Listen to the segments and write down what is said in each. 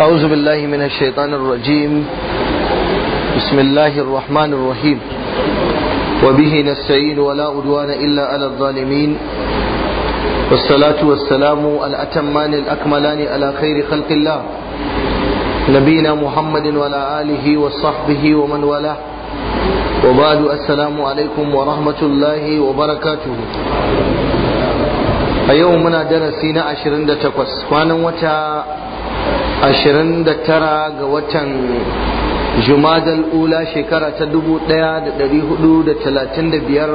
أعوذ بالله من الشيطان الرجيم بسم الله الرحمن الرحيم وبه نستعين ولا عدوان إلا على الظالمين والصلاة والسلام الأتمان الأكملان على خير خلق الله نبينا محمد وعلى آله وصحبه ومن والاه وبعد السلام عليكم ورحمة الله وبركاته a yau muna darasi na 28 kwanan wata Ashirin da tara ga watan jumadal ula shekara ta dubu da da da talatin hudu biyar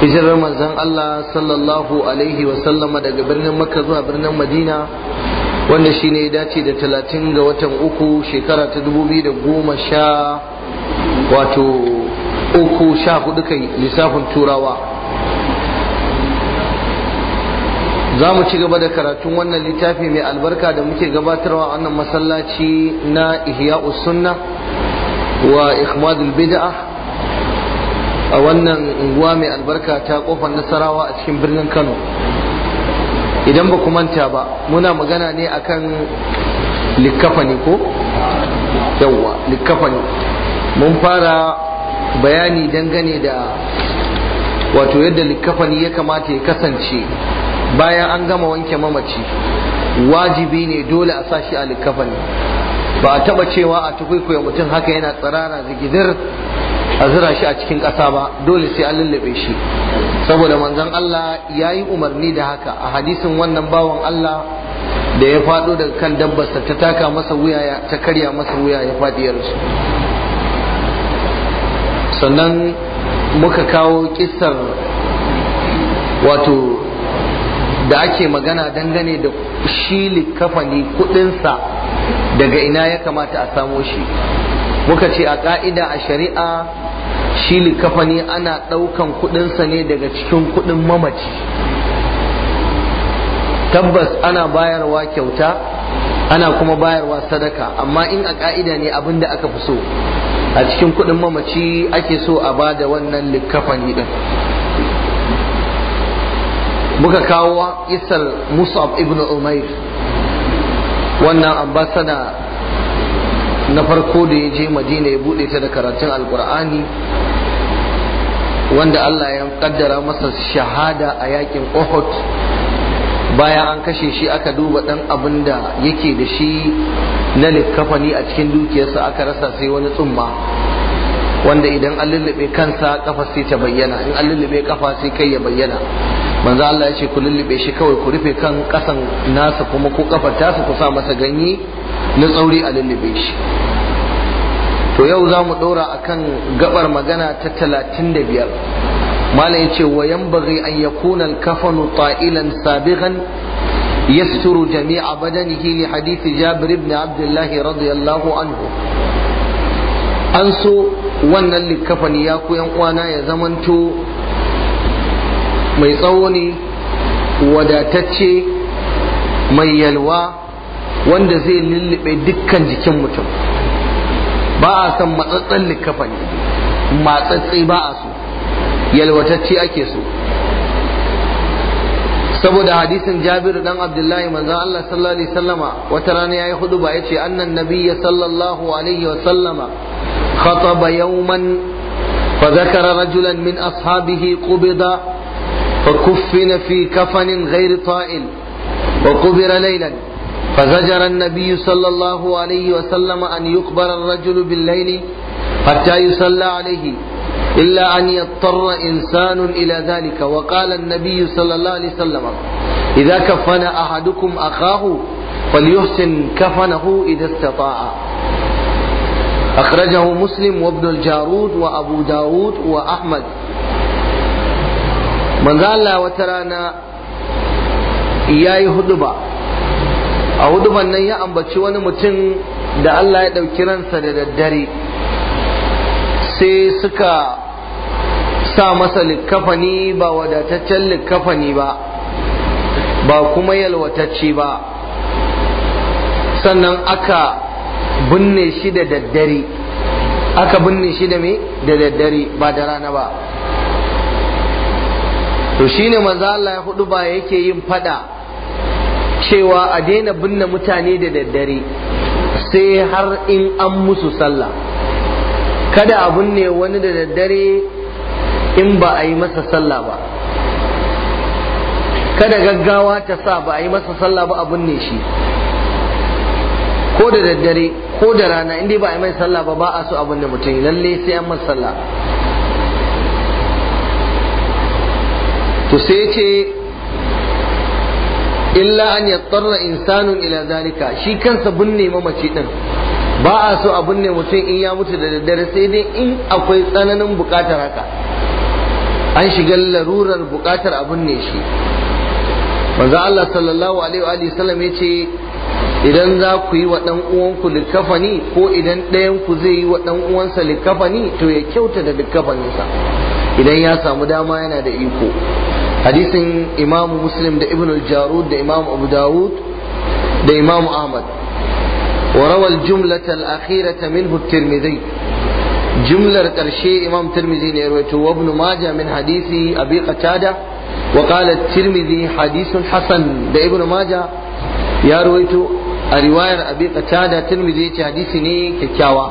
hijirar manzon Allah sallallahu alaihi wasallama daga birnin makka zuwa birnin madina wanda shi ne dace da talatin ga watan uku shekara ta dubu biyu da goma sha wato uku sha hudu kai lissafin turawa za mu ci gaba da karatun wannan littafi mai albarka da muke gabatarwa a wannan masallaci na ihya sunna wa ikhmadul bid'a a wannan unguwa mai albarka ta kofar nasarawa a cikin birnin kano idan ba ku manta ba muna magana ne akan likafani ko yawwa likafani mun fara bayani dangane da wato yadda likkafani ya kamata ya kasance bayan an gama wanke mamaci wajibi ne dole a sashi a likafani ba a taba cewa a tukwikwiya mutum haka yana tsirara zigidir a zira shi a cikin ƙasa ba dole sai an lullube shi saboda manzon Allah ya yi umarni da haka a hadisin wannan bawan Allah da ya faɗo daga kan dabbarsa ta taka masa wuya ta karya masa wuya ya faɗi ya rasu sannan muka kawo kissar wato da ake magana dangane da shi likafani kudinsa daga ina ya kamata a samo shi muka ce a ka'ida a shari'a shi likafani ana ɗaukan kudinsa ne daga cikin kudin mamaci tabbas ana bayarwa kyauta ana kuma bayarwa sadaka amma in a ka'ida ne abin da aka fi so a cikin kudin mamaci ake so a bada wannan likafani din muka kawo isar musab ibn umair wannan ambasada na farko da ya je madina ya bude ta da karatun alkur'ani wanda allah ya kaddara masa shahada a yakin uhud bayan an kashe shi aka duba dan abin da yake da shi na likafani a cikin dukiyarsa aka rasa sai wani tsumma wanda idan an lullube kansa kafa sai ta bayyana in an lullube kafa sai kai ya bayyana manzo Allah ya ce ku lullube shi kawai ku rufe kan kasan nasa kuma ku kafar tasa ku sa masa ganye na tsauri a lullube shi to yau za mu ɗora a kan gabar magana ta talatin da biyar malam ya ce wa yan bari an ya kunan kafanu ta'ilan sabiran yasturu jami'a badanihi li hadisi jabir ibn abdullahi radiyallahu anhu an so wannan likafani ya ku yan uwana ya zamanto mai tsawo ne wadatacce mai yalwa wanda zai lullube dukkan jikin mutum ba a san matsatsen likafa ne matsatse ba a so yalwatacce ake so saboda hadisin jabir dan abdullahi manzon Allah sallallahu alaihi wasallama wata rana yayi hudu ba yace annan nabiyya sallallahu alaihi wasallama khataba yawman فذكر رجلا من أصحابه قبض فكفن في كفن غير طائل وقبر ليلا فزجر النبي صلى الله عليه وسلم أن يقبر الرجل بالليل حتى يصلى عليه إلا أن يضطر إنسان إلى ذلك وقال النبي صلى الله عليه وسلم إذا كفن أحدكم أخاه فليحسن كفنه إذا استطاع أخرجه مسلم وابن الجارود وأبو داود وأحمد manzo Allah wata rana ya yayi huduba a huduban nan ya ambaci wani mutum da Allah ya ɗauki ransa da daddare sai suka sa masa likkafani ba wadataccen likkafani ba ba kuma yalwatacce ba sannan aka binne shi da daddare aka binne shi da me da daddare ba da rana ba to shine manzo Allah ya hudu ba yake yin fada cewa a daina binne mutane da daddare sai har in an musu sallah kada a binne wani da daddare in ba a yi masa sallah ba kada gaggawa ta sa ba a yi masa sallah ba a binne shi ko da daddare ko da rana inda ba a yi mai sallah ba ba a so a binne mutum lalle sai an masa sallah to sai ce illa an yattara insanun ila zalika shi kansa binne mace din ba a so a binne mutum in ya mutu da daddare sai dai in akwai tsananin bukatar haka an shiga larurar bukatar a binne shi manzo Allah sallallahu alaihi wa sallam yace idan za ku yi wa dan uwanku likafani ko idan ɗayan ku zai yi wa ɗan uwansa likafani to ya kyauta da likafaninsa idan ya samu dama yana da iko hadisin imamu muslim da ibn al-jarud da imamu abu dawud da imamu ahmad wa rawal jumlata al-akhirata minhu tirmidhi jumlar karshe imam tirmizi ne rawaito wa ibn maja min hadisi abi qatada wa qala tirmidhi hadisun Hassan da ibn maja ya rawaito a riwayar abi qatada tirmidhi ce hadisi ne kyakkyawa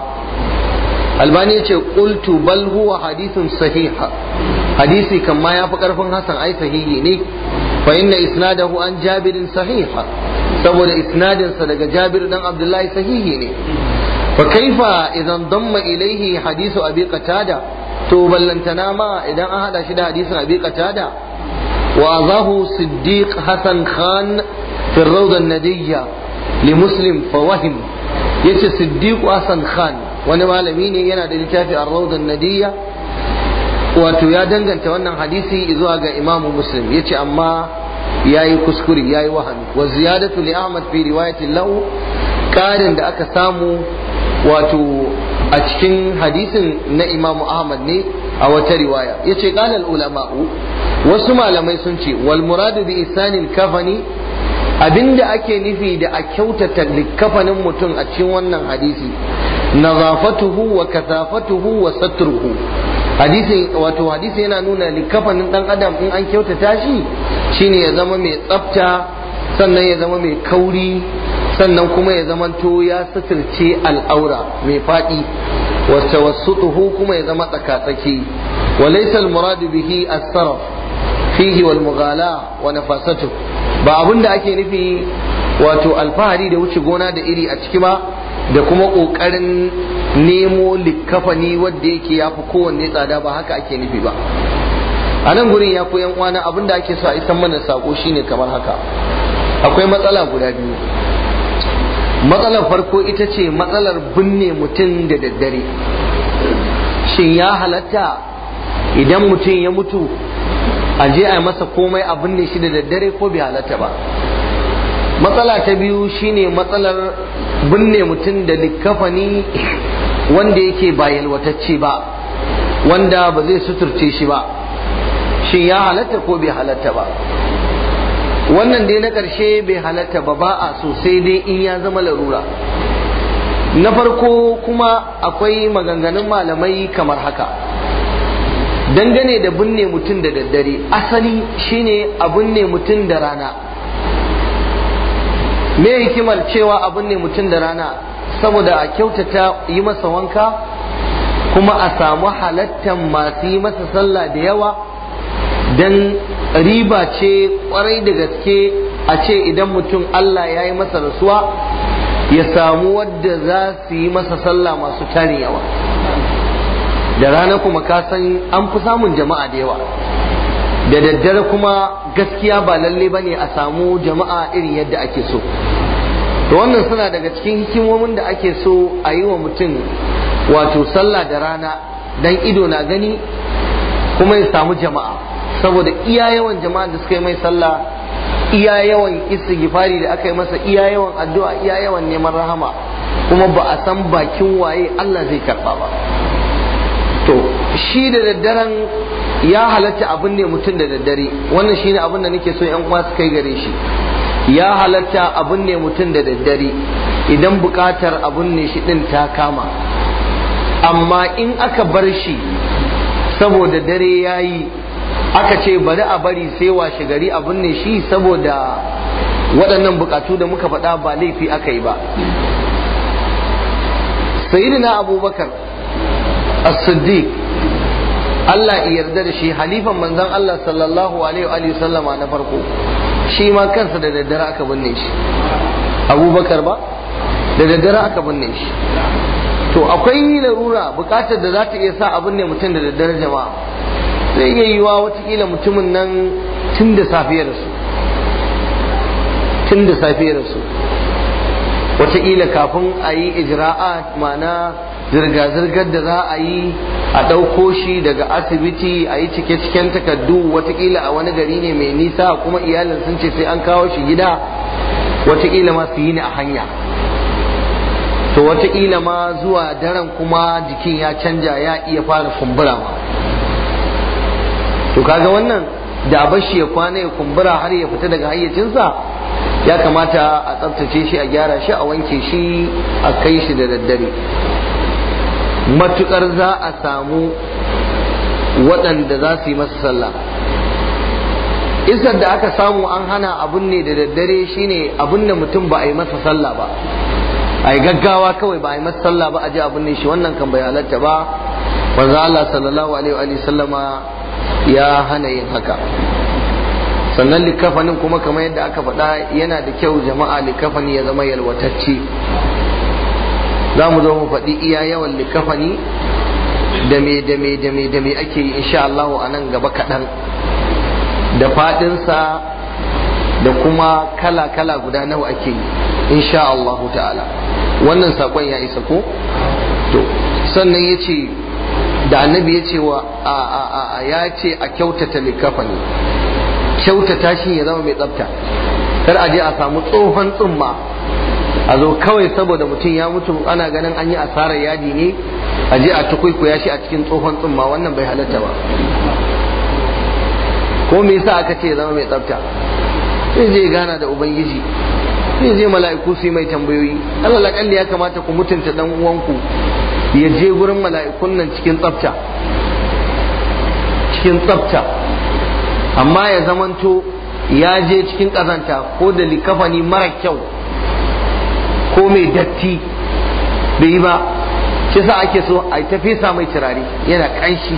albani ya ce qultu bal huwa hadisin sahiha hadisi kamma ma yafi karfin hasan ai sahihi ne fa inna isnadahu an jabirin sahiha saboda isnadinsa daga jabir dan abdullahi sahihi ne fa kaifa idan damma ilaihi hadisu abi qatada to ballantana ma idan an haɗa shi da hadisin abi qatada wa azahu siddiq hasan khan fi rawda an-nadiyya li muslim fa wahim yace siddiq hasan khan wani malami ne yana da littafi a rawda nadiyya wato ya danganta wannan hadisi zuwa ga imamu muslim yace amma yayi kuskure yayi wahami wa ziyadatu li ahmad fi riwayati lahu karin da aka samu wato a cikin hadisin na imamu ahmad ne a wata riwaya yace qala al ulama'u wasu malamai sun ce wal muradu bi isanin kafani abinda ake nufi da a kyautata likafanin mutum a cikin wannan hadisi nazafatuhu wa kasafatuhu wa satruhu hadisin wato hadisi yana nuna likafanin dan adam in an kyautata shi shine ya zama mai tsafta sannan ya zama mai kauri sannan kuma ya zama to ya suturce al'aura mai faɗi wacce wasu kuma ya zama tsakatsaki walaisal muradu bihi as-sarf fihi wal mughala wa nafasatu ba abinda ake nufi wato alfahari da wuce gona da iri a ciki ba da kuma ƙoƙarin nemo likafani wadda yake ya fi kowanne tsada ba haka ake nufi ba a nan gurin ya koyan uwana abin da ake so a isan mana sako shine kamar haka akwai matsala guda biyu matsalar farko ita ce matsalar binne mutum da daddare shin ya halatta idan mutum ya mutu a je a masa komai a binne shi da daddare ko bai halatta ba matsala ta biyu shine matsalar binne mutum da likafani wanda yake ba yalwatacce ba wanda ba zai suturce shi ba shin ya halatta ko bai halatta ba wannan dai na ƙarshe bai halatta ba ba a sosai dai in ya zama larura na farko kuma akwai maganganun malamai kamar haka dangane da binne mutum da daddare asali shine a binne mutum da rana me hikimar cewa abin ne mutum da rana saboda a kyautata yi masa wanka kuma a samu halattan masu yi masa sallah da yawa don riba ce kwarai da gaske a ce idan mutum Allah ya yi masa rasuwa ya samu wadda za su yi masa sallah masu tarin yawa da rana kuma ka san an fi samun jama'a da yawa da daddare kuma gaskiya ba lalle ba ne a samu jama'a irin yadda ake so to wannan suna daga cikin hikimomin da ake so a yi wa mutum wato sallah da rana dan ido na gani kuma ya samu jama'a saboda iya yawan jama'a da suka yi mai sallah iya yawan istighfari da aka yi masa iya yawan addu'a iya yawan neman rahama kuma ba a san bakin waye Allah zai karba ba to shi da daddaren ya halatta abin ne mutum da daddare wannan shine abin da nake so yan uwa su kai gare shi ya halatta abin ne mutum da daddare idan bukatar abin ne shi din ta kama amma in aka bar shi saboda dare ya yi aka ce bari a bari sai washe gari abin ne shi saboda waɗannan bukatu da muka faɗa ba laifi aka yi ba Sayidina abubakar as-siddiq Allah ya yarda da shi halifan manzon Allah sallallahu alaihi wa sallama na farko shi ma kansa da daddare aka binne shi abubakar ba da daddare aka binne shi to akwai larura bukatar da za ta iya sa abin ne mutum da daddare jama'a zai iya yiwa watakila mutumin nan tun da safiyar su tun da safiyar su watakila kafin a yi ijra'a ma'ana zirga-zirgar da za a yi a ɗauko shi daga asibiti a yi cike-ciken takardu watakila a wani gari ne mai nisa kuma iyalin sun ce sai an kawo shi gida watakila ma su yi ni a hanya to watakila ma zuwa daren kuma jikin ya canja ya iya fara kumbura ma to kaga wannan da bashi ya kwana ya kumbura har ya fita daga hayyacinsa ya kamata a tsaftace shi a gyara shi a wanke shi a kai shi da daddare matukar za a samu waɗanda za su yi masa sallah isar da aka samu an hana abun ne da daddare shine abun da mutum ba a yi masa sallah ba a yi gaggawa kawai ba a yi masa sallah ba a ji abun ne shi wannan kan bai halatta ba wanzu Allah sallallahu alaihi wa sallama ya hana yin haka sannan likafanin kuma kamar yadda aka faɗa yana da kyau jama'a likafani ya zama yalwatacce za mu zo mu faɗi iya yawan likafani da me da me da me da me ake yi insha Allah a nan gaba kaɗan da faɗinsa da kuma kala kala guda nawa ake yi insha Allah ta'ala wannan saƙon ya isa ko to sannan ya ce da annabi ya ce wa a ya ce a kyautata likafani kyautata shi ya zama mai tsafta kar a je a samu tsohon tsumma a zo kawai saboda mutum ya mutu ana ganin an yi asarar yadi ne a je a tukuikuya shi a cikin tsohon tsumma wannan bai halatta ba ko me yasa aka ce zama mai tsafta sai zai gana da ubangiji sai zai mala'iku su yi mai tambayoyi Allah ya kamata ku mutunta dan uwanku ya je gurin mala'ikun nan cikin tsafta cikin tsafta amma ya zamanto ya je cikin kazanta ko da likafani mara kyau ko mai datti bai yi ba shi sa ake so a ta fesa mai turare yana ƙanshi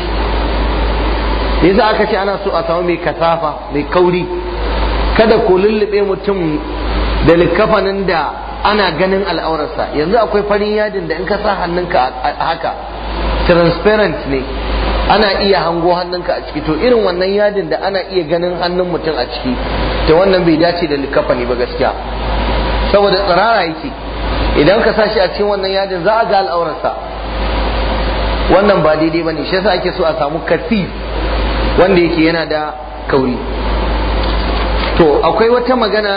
yasa aka ce ana so a samu mai kasafa mai kauri kada ko lullube mutum da likafanin da ana ganin al'aurarsa yanzu akwai farin yadin da in ka sa hannunka a haka transparent ne ana iya hango hannunka a ciki to irin wannan yadin da ana iya ganin hannun mutum a ciki to wannan bai dace da likafani ba gaskiya saboda tsirara yake idan ka sa shi a cikin wannan yadin za a ga al'aurarsa wannan ba daidai ba ne shi yasa ake so a samu kasi wanda yake yana da kauri to akwai wata magana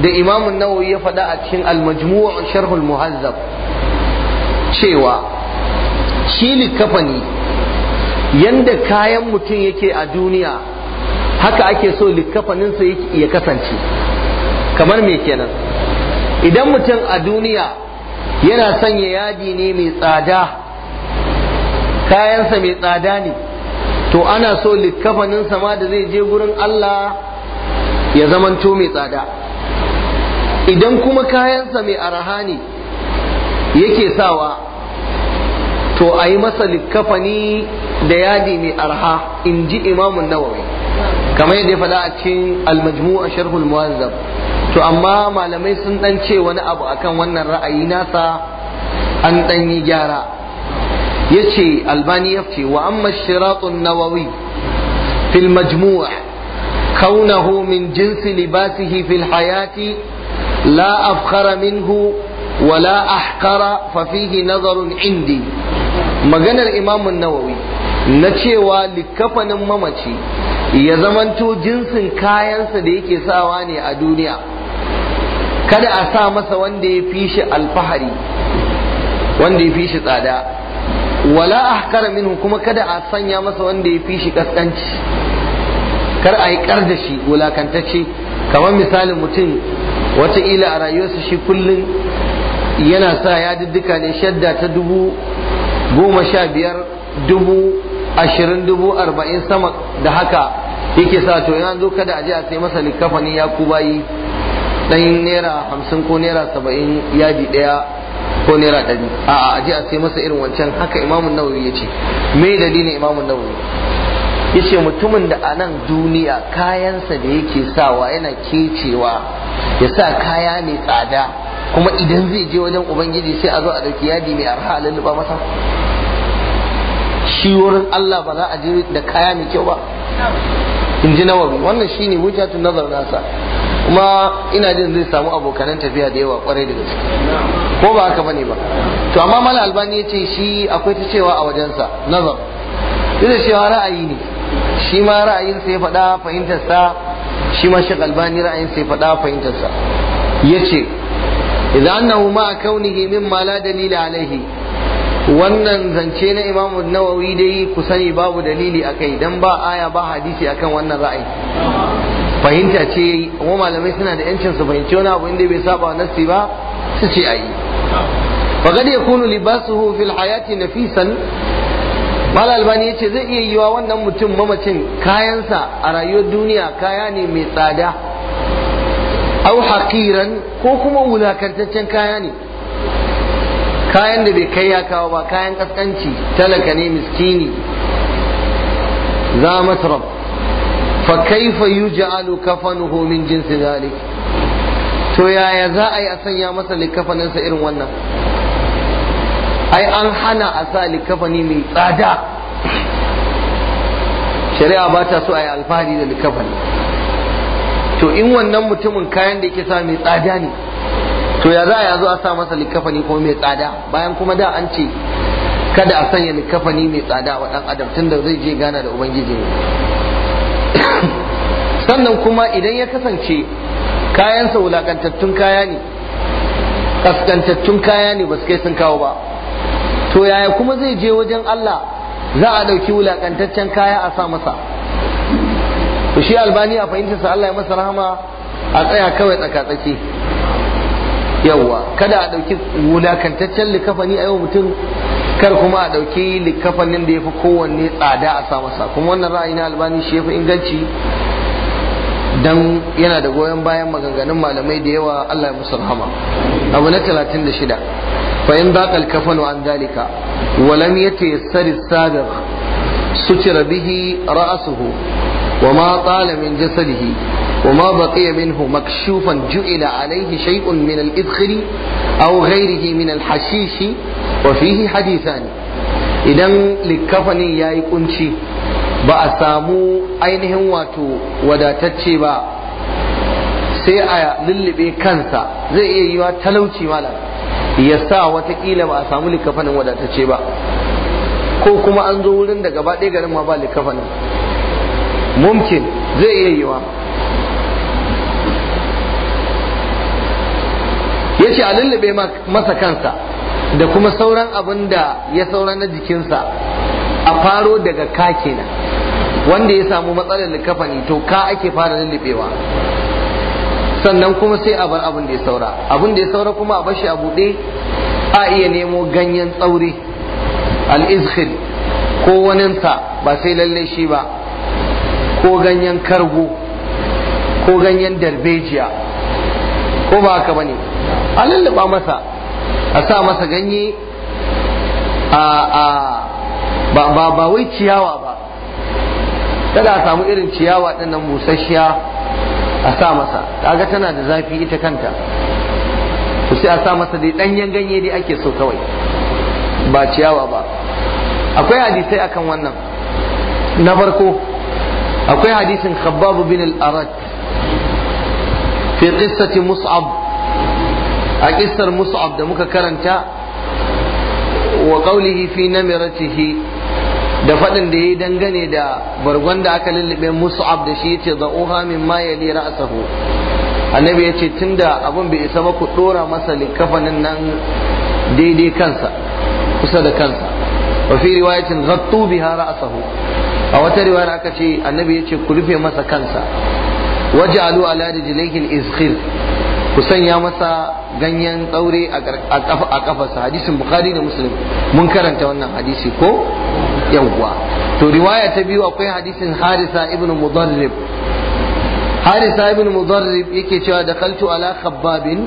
da imamun nawawi ya faɗa a cikin al-majmu' sharhul muhazzab cewa shi likafani yanda kayan mutum yake a duniya haka ake so likafaninsa ya kasance kamar me kenan idan mutum a duniya yana sanya yadi ne mai tsada kayansa mai tsada ne to ana so likkafaninsa sama da zai je gurin Allah ya zamanto mai tsada idan kuma kayansa mai araha ne yake sawa to a yi masa likkafani da yadi mai arha in ji imamun nawawi kamar yadda ya faɗa a cikin almajmu a sharhul muwazzab to amma malamai sun dan ce wani abu akan wannan ra'ayi nasa an dan yi gyara yace albani ya ce wa amma shiratun nawawi fil majmu' kaunahu min jinsi libasihi fil hayati la afkhara minhu ولا أحقر ففيه نظر عندي maganar imamun nawawi na cewa likafanin mamaci ya zamanto jinsin kayansa da yake sawa ne a duniya kada a sa masa wanda ya fi shi alfahari wanda ya fi shi tsada wala ahkara minhu kuma kada a sanya masa wanda ya fi shi kaskanci kar a yi kar da shi wulakantacce kamar misalin mutum wata wataƙila a rayuwarsa shi kullum yana sa ya diddika ne shadda ta dubu goma sha biyar dubu ashirin dubu arba'in sama da haka yake sa to yanzu kada a je a sai masa likafani ya ku bayi dan naira hamsin ko naira saba'in yadi ɗaya ko naira ɗari a a a sai masa irin wancan haka imamun nawawi ya ce me dalilin imamun nawawi ya ce mutumin da a nan duniya kayansa da yake sawa yana kecewa ya sa kaya mai tsada kuma idan zai je wajen ubangiji sai a zo a ɗauki yadi mai arha a lulluɓa masa shi wurin Allah ba za a je da kaya mai kyau ba in ji nawawi wannan shine hujjatun nazar nasa kuma ina jin zai samu abokanan tafiya da yawa kwarai da gaske ko ba haka bane ba to amma mala albani ya ce shi akwai ta cewa a wajensa nazar duk da cewa ra'ayi ne shi ma ra'ayin sai faɗa fahimtarsa shi ma shi galbani ra'ayin sai faɗa fahimtarsa ya ce idan annahu ma kaunihi mimma la dalila alaihi wannan zance na imamu nawawi dai ku sani babu dalili a kai don ba aya ba hadisi akan wannan ra'ayi fahimta ce kuma malamai suna da yancin su fahimci wani abu inda bai saba nasi ba su ce ayi faqad yakunu libasuhu fil hayati nafisan mala albani ce zai iya yiwa wannan mutum mamacin kayansa a rayuwar duniya kaya ne mai tsada au haqiran ko kuma wulakantaccen kaya ne kayan da bai kai ya kawo ba kayan kaskanci talaka ne miskini za matrab fa kaifa yuj'alu kafanuhu min jinsi zalik to yaya za a yi a sanya masa likafaninsa irin wannan ai an hana a sa likafani mai tsada shari'a ba ta so a yi alfahari da likafani to in wannan mutumin kayan da yake sa mai tsada ne to ya za a zo a sa masa likafani kuma mai tsada bayan kuma da an ce kada a sanya likafani mai tsada wa dan adam tunda zai je gana da ubangiji ne sannan kuma idan ya kasance kayansa wulakantattun kaya ne kaskantattun kaya ne ba su kai sun kawo ba to yaya kuma zai je wajen Allah za a ɗauki wulakantaccen kaya a sa masa to shi albani a fahimtarsa Allah ya masa rahama a tsaya kawai tsaka tsaki. yawwa kada a ɗauki wulakantaccen likafani a yau mutum kar kuma a ɗauki likafanin da ya fi kowanne tsada a sa masa kuma wannan ra'ayi na albani shi ya fi inganci dan yana da goyon bayan maganganun malamai da yawa Allah ya musu rahama abu na 36 fa in baqa al wa an dalika wa lam yatayassar as-sabiq sutira bihi ra'suhu wa ma tala min jasadihi وما بقي منه مكشوفا جعل عليه شيء من الإذخر أو غيره من الحشيش وفيه حديثان idan likkafanin ya yi kunci ba a samu ainihin wato wadatacce ba sai a lullube kansa zai iya yi talauci malam ya sa watakila ba a samu likkafanin wadatacce ba ko kuma an zo wurin da gaba ɗaya garin ma ba likkafanin mumkin zai iya yiwa. ya ce a lullube masa kansa da kuma sauran abin da ya saura na jikinsa a faro daga ka kenan wanda ya samu matsalar likafani to ka ake fara lullubewa sannan kuma sai a bar abin da ya saura abin da ya saura kuma a bashi a buɗe a iya nemo ganyen tsauri al-izkhil ko waninsa ba sai lalle shi ba ko ganyen kargo ko ganyen darbejiya ko ba haka bane a lallaba masa a sa masa ganye a ba ba wai ciyawa ba kada a samu irin ciyawa ɗin nan busasshiya a sa masa kaga tana da zafi ita kanta to sai a sa masa dai ɗanyen ganye dai ake so kawai ba ciyawa ba akwai hadisai akan wannan na farko akwai hadisin khabbab bin al-arat fi qissati mus'ab a ƙisar mus'ab da muka karanta wa na fi namiratihi da faɗin da ya dangane da bargon da aka lullube mus'ab da shi ce za'uha min ma yali ra'sahu annabi ya ce tun da abun bai isa ba ku dora masa likafanin nan daidai kansa kusa da kansa wa fi riwayatin ghattu biha ra'asahu. a wata riwayar aka ce annabi ya ce ku rufe masa kansa waj'alu ala da al-izkhir ku sanya masa ganyen tsaure a kafarsa hadisin bukhari da muslim mun karanta wannan hadisi ko yawwa to riwaya ta biyu akwai hadisin harisa ibn mudarrib harisa ibn mudarrib yake cewa da kaltu ala khabbabin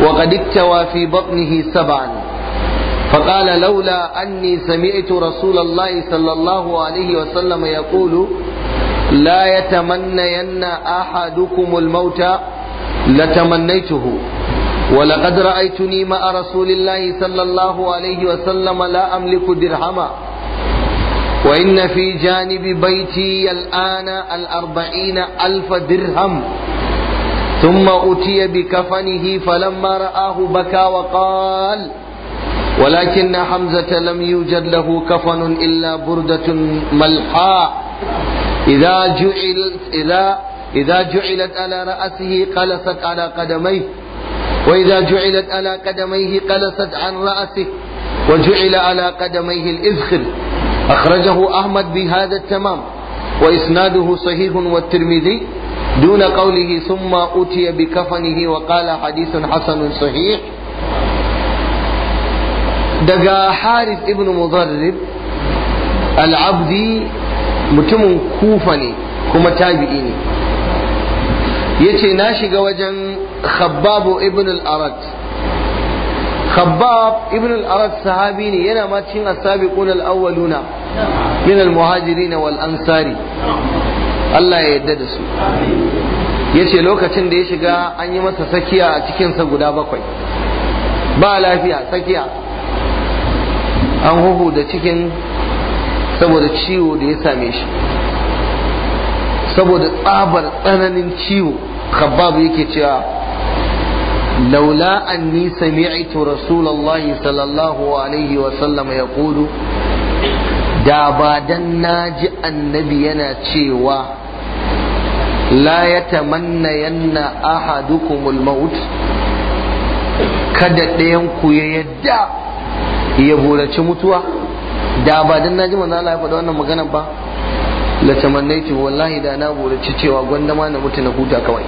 wa qad iktawa fi batnihi sab'an فقال لولا أني سمعت رسول الله صلى الله عليه وسلم يقول لا يتمنين أحدكم الموت لتمنيته ولقد رأيتني مع رسول الله صلى الله عليه وسلم لا أملك درهما وإن في جانب بيتي الآن الأربعين ألف درهم ثم أتي بكفنه فلما رآه بكى وقال ولكن حمزة لم يوجد له كفن إلا بردة ملحاء إذا جعلت, إذا, إذا جعلت على رأسه قلست على قدميه وإذا جعلت على قدميه قلست عن رأسه وجعل على قدميه الإذخر أخرجه أحمد بهذا التمام وإسناده صحيح والترمذي دون قوله ثم أتي بكفنه وقال حديث حسن صحيح دقا حارث ابن مضرب العبدي متم كوفني كما تابعيني yace na shiga wajen khabbabu ibn al-arad khabbab ibn al-arad sahabi ne yana ma cikin as-sabiqun al-awwaluna min al-muhajirin wal ansari Allah ya yarda da su yace lokacin da ya shiga an yi masa sakiya a cikinsa guda bakwai ba lafiya sakiya an huhu da cikin saboda ciwo da ya same shi saboda tsabar tsananin ciwo khabbab yake cewa laula anni sami'tu rasulullahi sallallahu alaihi wa sallam yaqulu da ba dan naji annabi yana cewa la yatamanna kada ɗayan ku ya yadda ya buraci mutuwa da ba dan naji manzo Allah ya faɗa wannan magana ba la tamannaitu wallahi da na burace cewa gwanda ma na mutu na huta kawai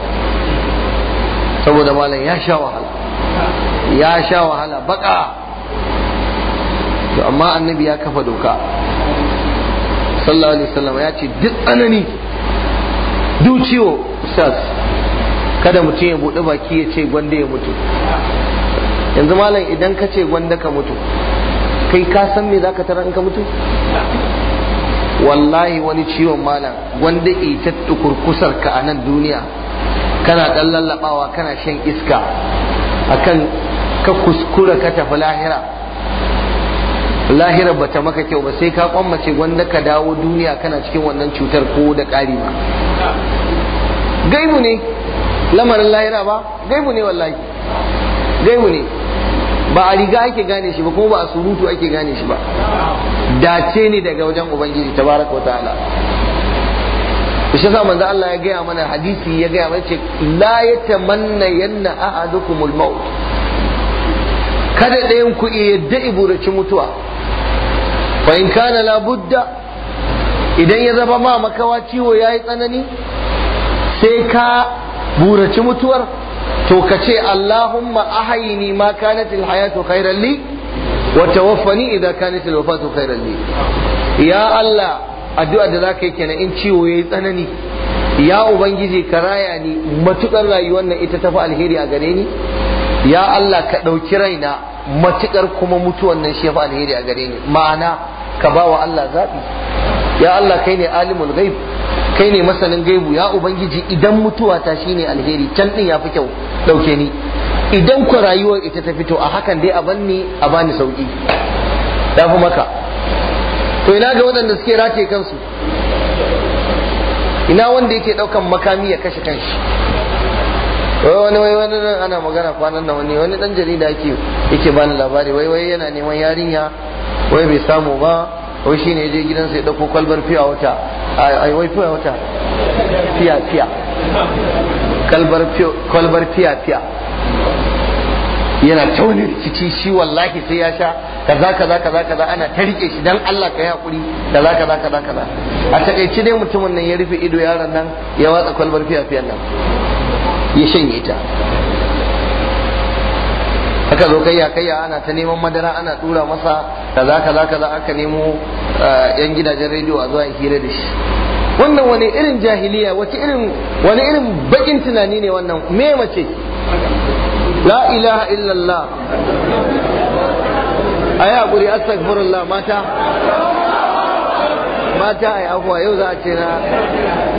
saboda malam ya sha wahala ya sha wahala baka to amma annabi ya kafa doka sallallahu alaihi wasallam ya ce duk tsanani duk ciwo sas kada mutum ya bude baki ya ce gwanda ya mutu yanzu malam idan ka ce gwanda ka mutu kai ka san me zaka tarar in ka mutu wallahi wani ciwon malam wanda ita tukurkusar ka a nan duniya kana dan lallabawa kana shan iska akan ka kuskura ka tafi lahira lahira bata maka kyau ba sai ka kwammace wanda ka dawo duniya kana cikin wannan cutar ko da ƙari ba gaibu ne lamarin lahira ba gaibu ne wallahi gaibu ne ba a riga ake gane shi ba kuma ba a surutu ake gane shi ba dace ne daga wajen ubangiji tabaraka wa ta'ala shi yasa manzo Allah ya gaya mana hadisi ya gaya mana ce la yatamanna yanna ahadukumul maut kada ɗayan ku iya yadda iburaci mutuwa fa in kana la idan ya zama ma makawa ciwo yayi tsanani sai ka buraci mutuwar to ka ce Allahumma ahayini ma kanat alhayatu khairan li wa tawaffani idza kanat alwafatu khairan li ya Allah addu'a da zaka yi kenan in ciwo yayi tsanani ya ubangiji ka raya ni matukar rayuwar nan ita tafi alheri a gare ni ya Allah ka ɗauki raina matukar kuma mutuwan nan shi fa alheri a gare ni ma'ana ka ba wa Allah zaɓi ya Allah kai ne alimul ghaib kai ne masanin gaibu ya ubangiji idan mutuwa ta shine alheri can din yafi kyau dauke ni idan ku rayuwar ita ta fito a hakan dai a banni a bani sauki fi maka to ina ga waɗanda suke rataye kansu ina wanda yake ɗaukan makami ya kashe kanshi wai wani wai wani ana magana kwanan nan wani wani dan jarida yake yake bani labari wai wai yana neman yarinya wai bai samu ba wai shi ne je gidansa ya ɗauko kwalbar fiya wata ai wai fiya wata fiya fiya kwalbar fiya fiya yana ta wani rikici shi wallahi sai ya sha kaza kaza kaza kaza ana ta rike shi dan Allah ka yi hakuri kaza kaza kaza kaza a takaice dai mutumin nan ya rufe ido yaron nan ya watsa kwalbar fiya fiya nan ya shanye ta aka zo kayya kayya ana ta neman madara ana tura masa kaza kaza kaza aka nemo eh, yan gidajen rediyo a zuwa hira da shi wannan wani irin jahiliya wace irin wani irin bakin tunani ne wannan me mace la ilaha illallah ayi hakuri astaghfirullah mata mata ai afwa yau za a ce na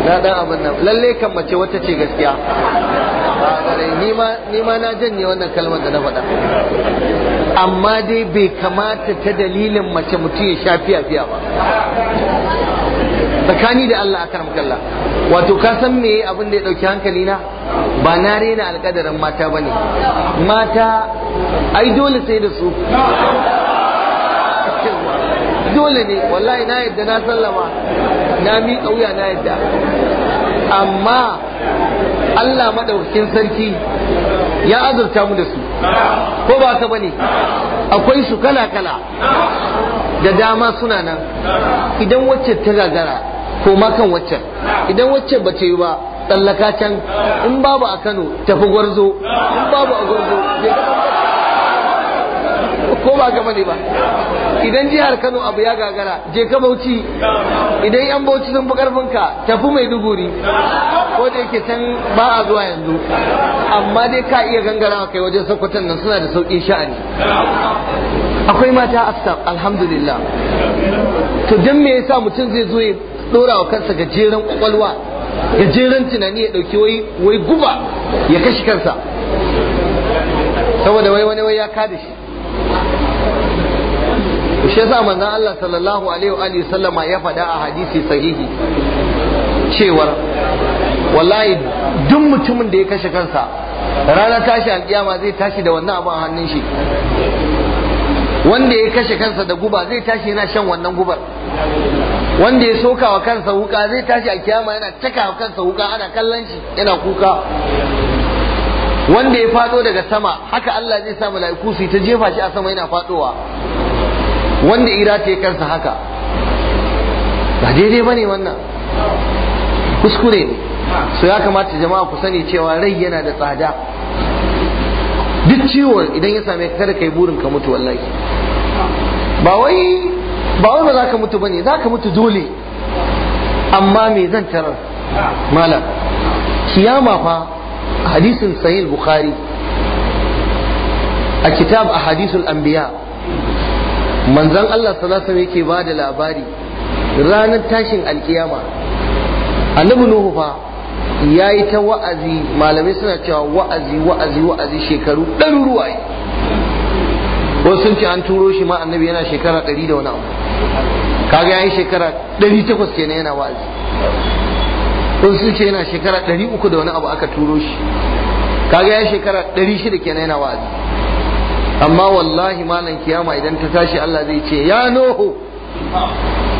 na dan abin nan lalle kan mace wata ce gaskiya ni ma na janye wannan kalmar da na faɗa amma dai bai kamata ta dalilin mace mutum ya sha fiya fiya ba tsakani da Allah akar makalla wato ka san me abin da ya ɗauki hankali na ba na rena alƙadarin mata ba ne mata ai dole sai da su dole ne wallahi na yadda na sallama na miƙa wuya na yadda amma Allah madaukakin sarki ya azurta mu da su ko ba ka bane akwai su kala kala da dama suna nan idan wacce ta gagara ko ma kan wacce idan wacce ba ta yi ba tsallaka can in babu a Kano tafi gwarzo in babu a gwarzo ko ba gaba ne ba idan jihar Kano abu ya gagara je ka Bauchi idan yan Bauchi sun fi karfin ka tafi duguri ko da yake can ba a zuwa yanzu amma dai ka iya gangara kai wajen Sokoton nan suna da sauƙin sha'ani akwai mata aftab alhamdulillah to dan me yasa mutum zai zo ya dora wa kansa gajeren kwakwalwa gajeren tunani ya dauki wai wai guba ya kashi kansa saboda wai wani wai ya kada shi shi yasa manzon Allah sallallahu alaihi wa sallama ya faɗa a hadisi sahihi cewar wallahi duk mutumin da ya kashe kansa rana tashi alkiyama zai tashi da wannan abu a hannun shi wanda ya kashe kansa da guba zai tashi yana shan wannan gubar wanda ya soka wa kansa wuka zai tashi alkiyama yana caka wa kansa wuka ana kallon shi yana kuka wanda ya fado daga sama haka Allah zai sa mala'iku su ta jefa shi a sama yana fadowa wanda ira ta kansa haka ba daidai ba ne wannan kuskure ne so ya kamata jama'a ku sani cewa rai yana da tsada duk ciwo idan ya same kada yi burin ka mutu wallahi ba wai ba wai za ka mutu bane za ka mutu dole amma me zan tarar malam kiyama fa hadisin sahih bukhari a kitab a ahadithul anbiya manzan Allah sallallahu alaihi yake ba da labari ranar tashin alkiyama annabi nuhu fa yayi ta wa'azi malamai suna cewa wa'azi wa'azi wa'azi shekaru ɗaruruwa yi wasu sun ce an turo shi ma annabi yana shekara ɗari da wani abu kaga yayi shekara ɗari takwas kenan yana wa'azi wasu sun ce yana shekara ɗari uku da wani abu aka turo shi kaga yayi shekara ɗari shida kenan yana wa'azi amma wallahi malam kiyama idan ta tashi Allah zai ce ya nuhu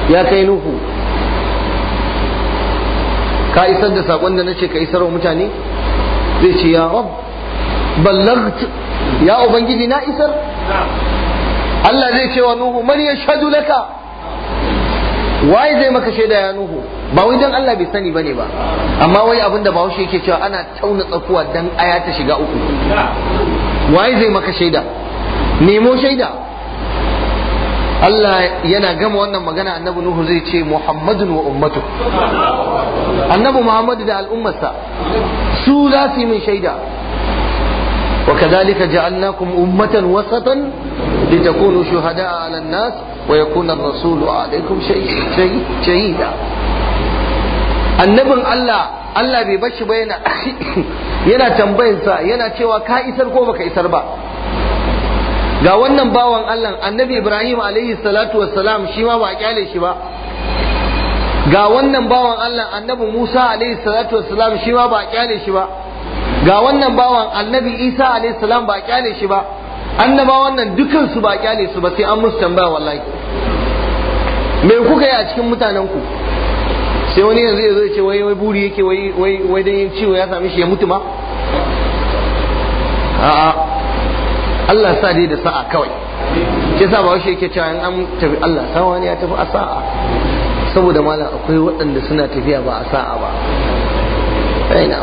ya kai nuhu ka isar da sakon da nace ka isar wa mutane zai ce ya rab ballagt ya ubangiji na isar Allah zai ce wa nuhu man yashhadu laka waye zai maka shaida ya nuhu ba wai dan Allah bai sani bane ba amma wai abin da bahaushe yake cewa ana tauna tsakuwa dan aya ta shiga uku waye zai maka shaida nemo shaida Allah yana gama wannan magana annabi Nuhu zai ce Muhammadun wa ummatu annabi Muhammadu da al'ummarsa su za su yi min shaida wa kadhalika ja'alnakum ummatan wasatan litakunu shuhada'a 'ala an-nas wa yakuna ar-rasulu 'alaykum shahida annabin Allah Allah bai bashi ba yana yana tambayinsa yana cewa ka isar ko baka isar ba ga wannan bawan Allah annabi Ibrahim alaihi salatu wassalam shi ma ba a kyale shi ba ga wannan bawan Allah annabi Musa alaihi salatu wassalam shi ma ba a kyale shi ba ga wannan bawan annabi Isa alaihi salam ba a kyale shi ba annaba wannan dukan su ba a kyale su ba sai an musu tambaya wallahi me kuka yi a cikin mutanen ku sai wani yanzu ya zo ce wai wai buri yake wai wai wai dan yin ciwo ya sami shi ya mutu ma a'a Allah sa dai da sa'a kawai shi sa ba yake cewa in an tafi Allah sa wani ya tafi a sa'a saboda malam akwai waɗanda suna tafiya ba a sa'a ba aina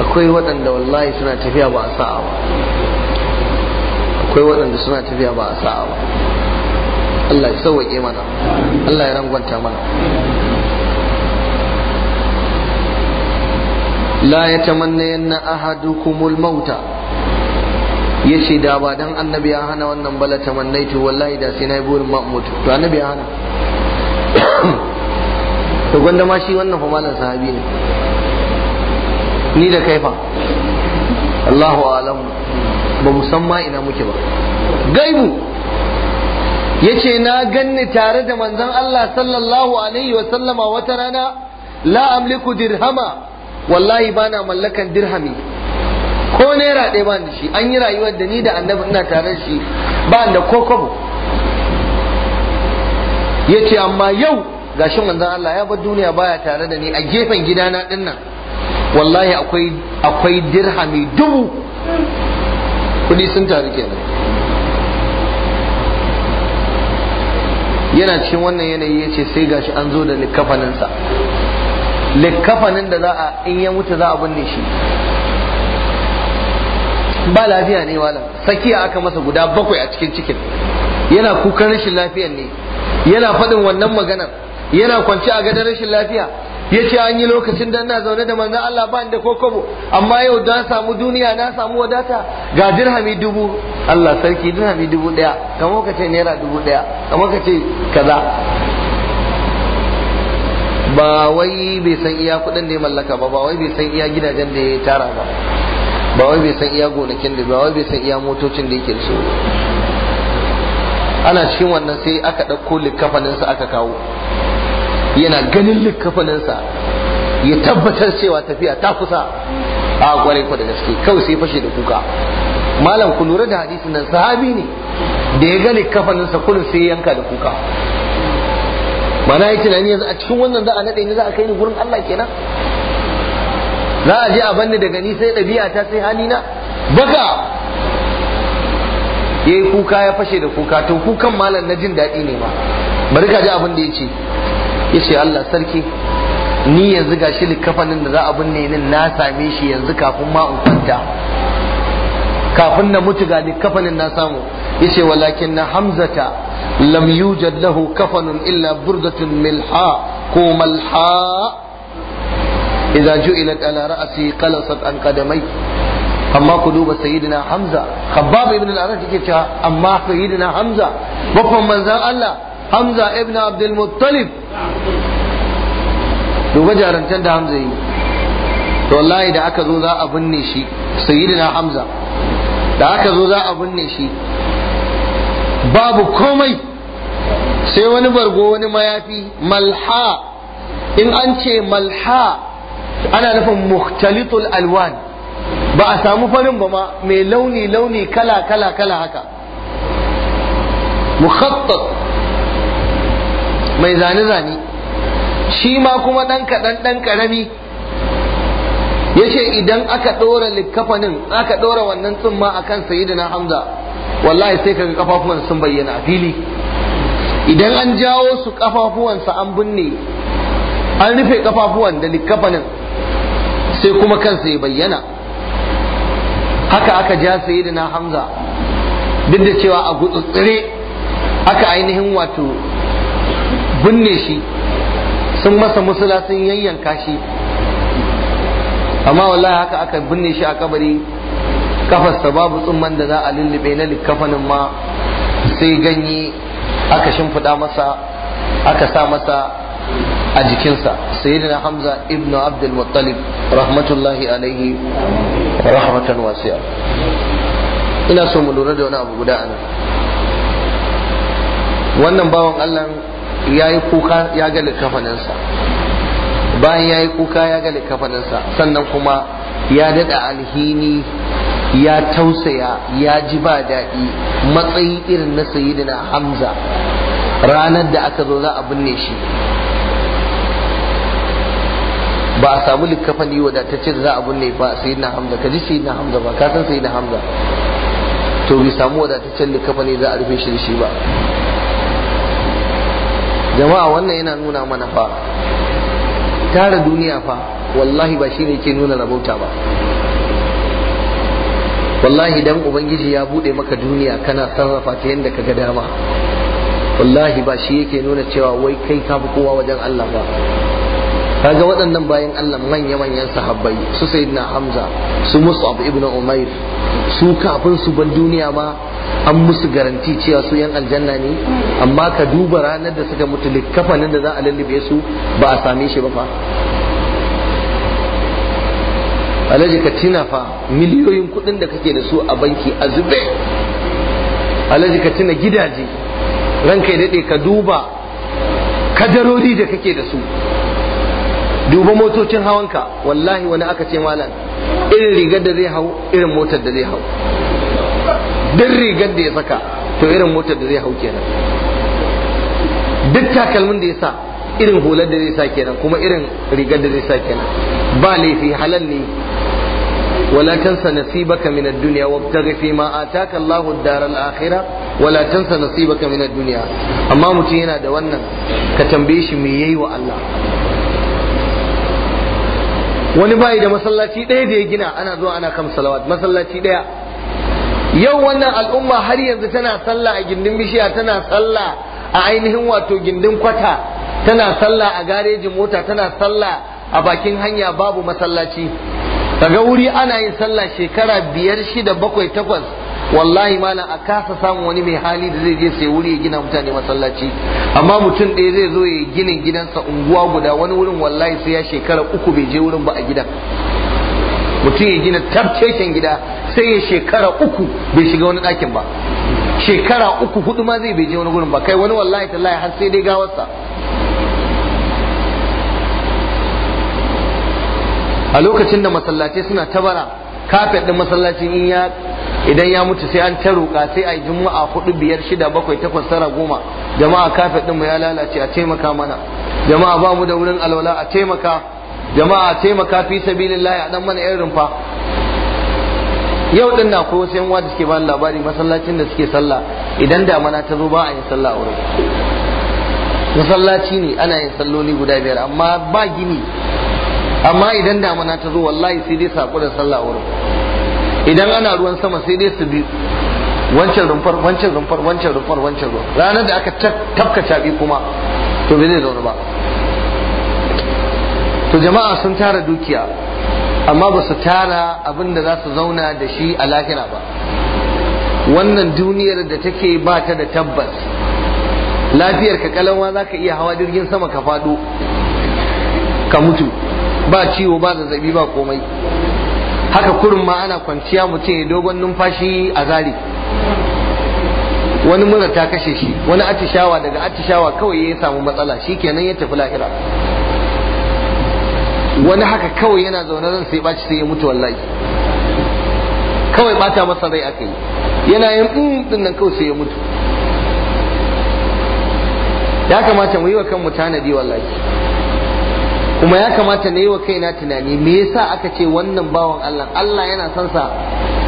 akwai waɗanda wallahi suna tafiya ba a sa'a ba akwai waɗanda suna tafiya ba a sa'a ba Allah ya sauwaƙe mana Allah ya rangwanta mana la ya tamanna يتمنين ahadukumul mauta ya ce da ba dan annabi ya hana wannan bala tamannaitu wallahi da sai na yi burin ma'amud to annabi ya hana to gwanda ma shi wannan famalan sahabi ne ni da kaifa Allahu alam ba musamma ina muke ba gaibu ya ce na ganni tare da manzon Allah sallallahu alaihi wa sallama wata rana la amliku dirhama wallahi bana mallakan dirhami ko naira ɗaya ba da shi an yi rayuwar da ni da annabi ina tare da shi ba da ko Yace amma yau gashin manzon Allah ya bar duniya baya tare da ni a gefen gidana ɗin nan wallahi akwai dirhami dubu Kuɗi sun taru kenan yana cikin wannan yanayi yace sai gashi an zo da likkafaninsa likkafanin da za a in ya mutu za a binne shi ba lafiya ne wala sakiya aka masa guda bakwai a cikin cikin yana kukan rashin lafiya ne yana faɗin wannan maganar yana kwance a gadon rashin lafiya ya ce an yi lokacin da na zaune da manzan Allah ba da ko kobo amma yau na samu duniya na samu wadata ga dirhami dubu Allah sarki dirhami dubu ɗaya kamo ka ce naira dubu ɗaya kamo ka ce kaza ba wai bai san iya kuɗin da ya mallaka ba ba wai bai san iya gidajen da ya tara ba ba wai bai san iya gonakin da ba wai bai san iya motocin da yake da su ana cikin wannan sai aka ɗauko likafaninsa aka kawo yana ganin likafaninsa ya tabbatar cewa tafiya ta kusa a kwarai kwa da gaske kawai sai fashe da kuka malam ku lura da hadisin nan sahabi ne da ya ga likafaninsa kullum sai yanka da kuka mana ya tunani yanzu a cikin wannan za a naɗe ni za a kai ni gurin Allah kenan za a je a banni daga ni sai ɗabi'a ta sai halina baka ya yi kuka ya fashe da kuka to kukan malam na jin daɗi ne ma bari ka ji abin da ya ce ya ce Allah sarki ni yanzu ga shi likafanin da za a binne ni na same shi yanzu kafin ma in kwanta kafin na mutu ga likafanin na samu ya ce walakin na hamzata lam yujad lahu kafanun illa burdatun milha ko malha idza ju'ilat ala ra'si qalasat an qadamai amma ku duba sayyidina hamza khabbab ibn al-arad yake cewa amma sayyidina hamza babban manzan Allah hamza ibn abdul muttalib duba jarantar da hamza yi to wallahi da aka zo za a binne shi sayyidina hamza da aka zo za a binne shi babu komai sai wani bargo wani mayafi malha in an ce malha ana nufin mukhtalitul alwan ba a samu farin ba ma mai launi launi kala kala kala haka mukhattat mai zane zane shi ma kuma ɗan kaɗan ɗan ƙarami ya ce idan aka ɗora likkafanin aka ɗora wannan tsumma a kan sayidina hamza wallahi sai kaga kafafuwan sun bayyana a fili idan an jawo su kafafuwansa an binne an rufe kafafuwan da likkafanin sai kuma kansa ya bayyana haka aka ja sayyidina hamza duk da cewa a gutsutsure aka ainihin wato binne shi sun masa musula sun yayyanka shi amma wallahi haka aka binne shi a kabari kafasta babu tsumman da za a lullube na likafanin ma sai ganye aka shimfiɗa masa aka sa masa a jikinsa sayyidina hamza ibnu abdul muttalib rahmatullahi alaihi rahmatan wasiya ina so mu lura da wani abu guda nan. wannan bawan allah ya yi kuka ya ga likafaninsa bayan ya yi kuka ya ga likafaninsa sannan kuma ya daɗa alhini ya tausaya ya ji ba daɗi matsayi irin na sayyidina hamza ranar da aka zo za a binne shi ba a samu likafani wadatacce da za a binne ba sai na hamza ka ji sai na hamza ba ka san sai na hamza to bai samu wadataccen likafani za a rufe shi da shi ba jama'a wannan yana nuna mana fa tara duniya fa wallahi ba shi ne ke nuna rabauta ba wallahi dan ubangiji ya bude maka duniya kana sarrafa ta yadda ka ga dama wallahi ba shi yake nuna cewa wai kai ka fi kowa wajen Allah ba kaga waɗannan bayan Allah manya-manyan sahabbai su sayyidina Hamza su Mus'ab ibn Umair su kafin su ban duniya ma an musu garanti cewa su yan aljanna ne amma ka duba ranar da suka mutu kafanin da za a lallube su ba a same shi ba fa alaji ka tuna fa miliyoyin kuɗin da kake da su a banki a zube alaji ka tuna gidaje ranka ya daɗe ka duba kadarori da kake da su duba motocin hawanka wallahi wani aka ce malam irin rigar da zai hau irin motar da zai hau duk rigar da ya saka to irin motar da zai hau kenan duk takalmin da ya sa irin hular da zai sa kenan kuma irin rigar da zai sa kenan ba laifi halal ne ولا تنس نصيبك من الدنيا وابتغ فيما آتاك الله الدار الآخرة ولا تنس نصيبك من الدنيا أما متينا دوانا كتنبيش ميي Allah. wani bayi da masallaci ɗaya da ya gina ana zuwa ana kam salawat masallaci ɗaya yau wannan al'umma har yanzu tana sallah a gindin bishiya tana sallah a ainihin wato gindin kwata tana sallah a garejin mota tana sallah a bakin hanya babu masallaci daga wuri ana yin sallah shekara biyar shida bakwai takwas wallahi malam a kasa samun wani mai hali da zai je sai wuri ya gina mutane masallaci amma mutum ɗaya zai zo ya ginin gidansa unguwa guda wani wurin wallahi sai ya shekara uku bai je wurin ba a gidan mutum ya gina tabceken gida sai ya shekara uku bai shiga wani ɗakin ba shekara uku hudu ma zai bai je wani gurin ba kai wani wallahi tallahi har sai dai gawarsa a lokacin da masallatai suna tabara kafet din masallacin in ya idan ya mutu sai an ta roƙa sai a yi juma'a hudu biyar shida bakwai takwas tara goma jama'a kafet din mu ya lalace a taimaka mana jama'a ba mu da wurin alwala a taimaka jama'a a taimaka fi sabilillah a dan mana irin fa yau din na ko sai wanda da suke bani labari masallacin da suke sallah idan mana ta zo ba a yin sallah aure. wurin masallaci ne ana yin salloli guda biyar amma ba gini amma idan damuna ta zo wallahi sai dai saƙo da sallah wurin idan ana ruwan sama sai dai su bi wancan rumfar wancan rumfar wancan rumfar wancan rumfar ranar da aka tafka caɓi kuma to bai zai zaune ba to jama'a sun tara dukiya amma ba su tara abin da za su zauna da shi a lahira ba wannan duniyar da take ba ta da tabbas lafiyar ka kalawa za ka iya hawa jirgin sama ka faɗo ka mutu ba ciwo ba zazzabi ba komai haka kurin ma ana kwanciya mutum ya dogon numfashi a zari wani mura ta kashe shi wani atishawa daga atishawa kawai ya samu matsala shi kenan ya tafi lahira wani haka kawai yana zaune ran sai ɓaci sai ya mutu wallahi kawai bata masa rai aka yi yana yin um ɗin nan kawai sai ya mutu ya kamata mu yi wa kanmu tanadi wallahi kuma ya kamata na yi wa kai na tunani me yasa aka ce wannan bawan Allah Allah yana son sa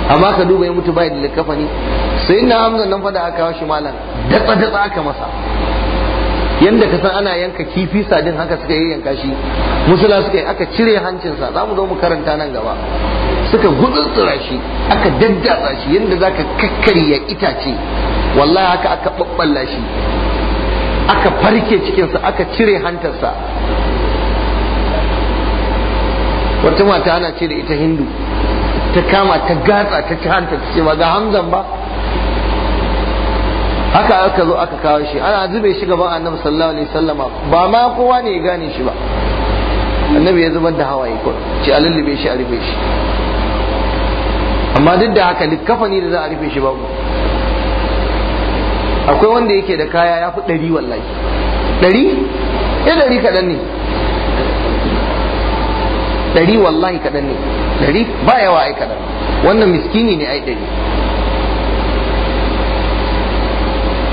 amma ka duba ya mutu bai da likafa sai ina hamza nan fada aka kawo shi malam datsa datsa aka masa yanda ka san ana yanka kifi sadin haka suka yi yanka shi musula suka yi aka cire hancinsa za mu zo mu karanta nan gaba suka gutsutsura shi aka daddatsa shi yanda zaka kakkarya itace wallahi haka aka babballa shi aka farke cikinsa aka cire hantarsa wata mata ana ce da ita hindu ta kama ta gatsa ta ci hanta ta ce ba ga hamzan ba haka aka zo aka kawo shi ana zube shi gaban annabi sallallahu alaihi wasallama ba ma kowa ne ya gane shi ba annabi ya zubar da hawaye ko ce a lullube shi a rufe shi amma duk da haka duk kafani da za a rufe shi babu akwai wanda yake da kaya ya fi ɗari wallahi ɗari ya ɗari kaɗan ne Dari wallahi kaɗan ne dari ba yawa ai kaɗan wannan miskini ne ai dari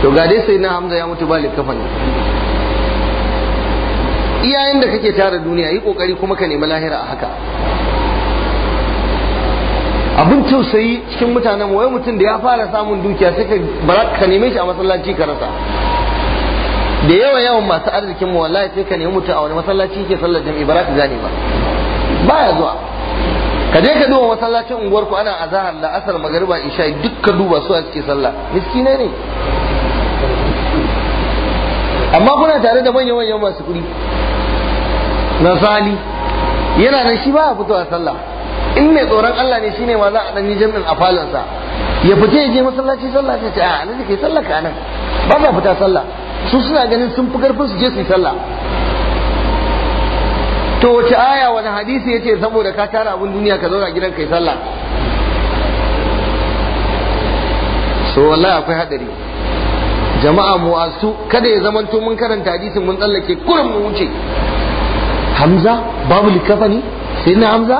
to ga dai sai na hamza ya mutu ba likafa iyayen da kake tara duniya yi kokari kuma ka nemi lahira a haka abin tausayi cikin mutanen wai mutum da ya fara samun dukiya sai ka neme shi a masallaci ka rasa da yawa yawan masu arzikin mu wallahi sai ka nemi mutum a wani masallaci ke sallar jami'i ba za ka gane ba baya zuwa ka je ka duba masallacin unguwar ku ana azahar da asar magariba isha duk ka duba su a cikin sallah miskine ne amma kuna tare da manyan manyan masu kuɗi na sali yana nan shi ba a fitowa sallah in mai tsoron Allah ne shine ma za a ɗanyi jami'in a falonsa ya fita ya je masallaci sallah sai ce a nan da ke sallah ka nan ba za fita sallah su suna ganin sun fi karfin su je su yi sallah to wace aya wani hadisi ya ce saboda ka tara abun duniya ka zauna gidan kai sallah so wallahi akwai hadari jama'a mu mu'azu kada ya zamanto mun karanta hadisin mun tsallake kurin mu wuce hamza babu likafani sai na hamza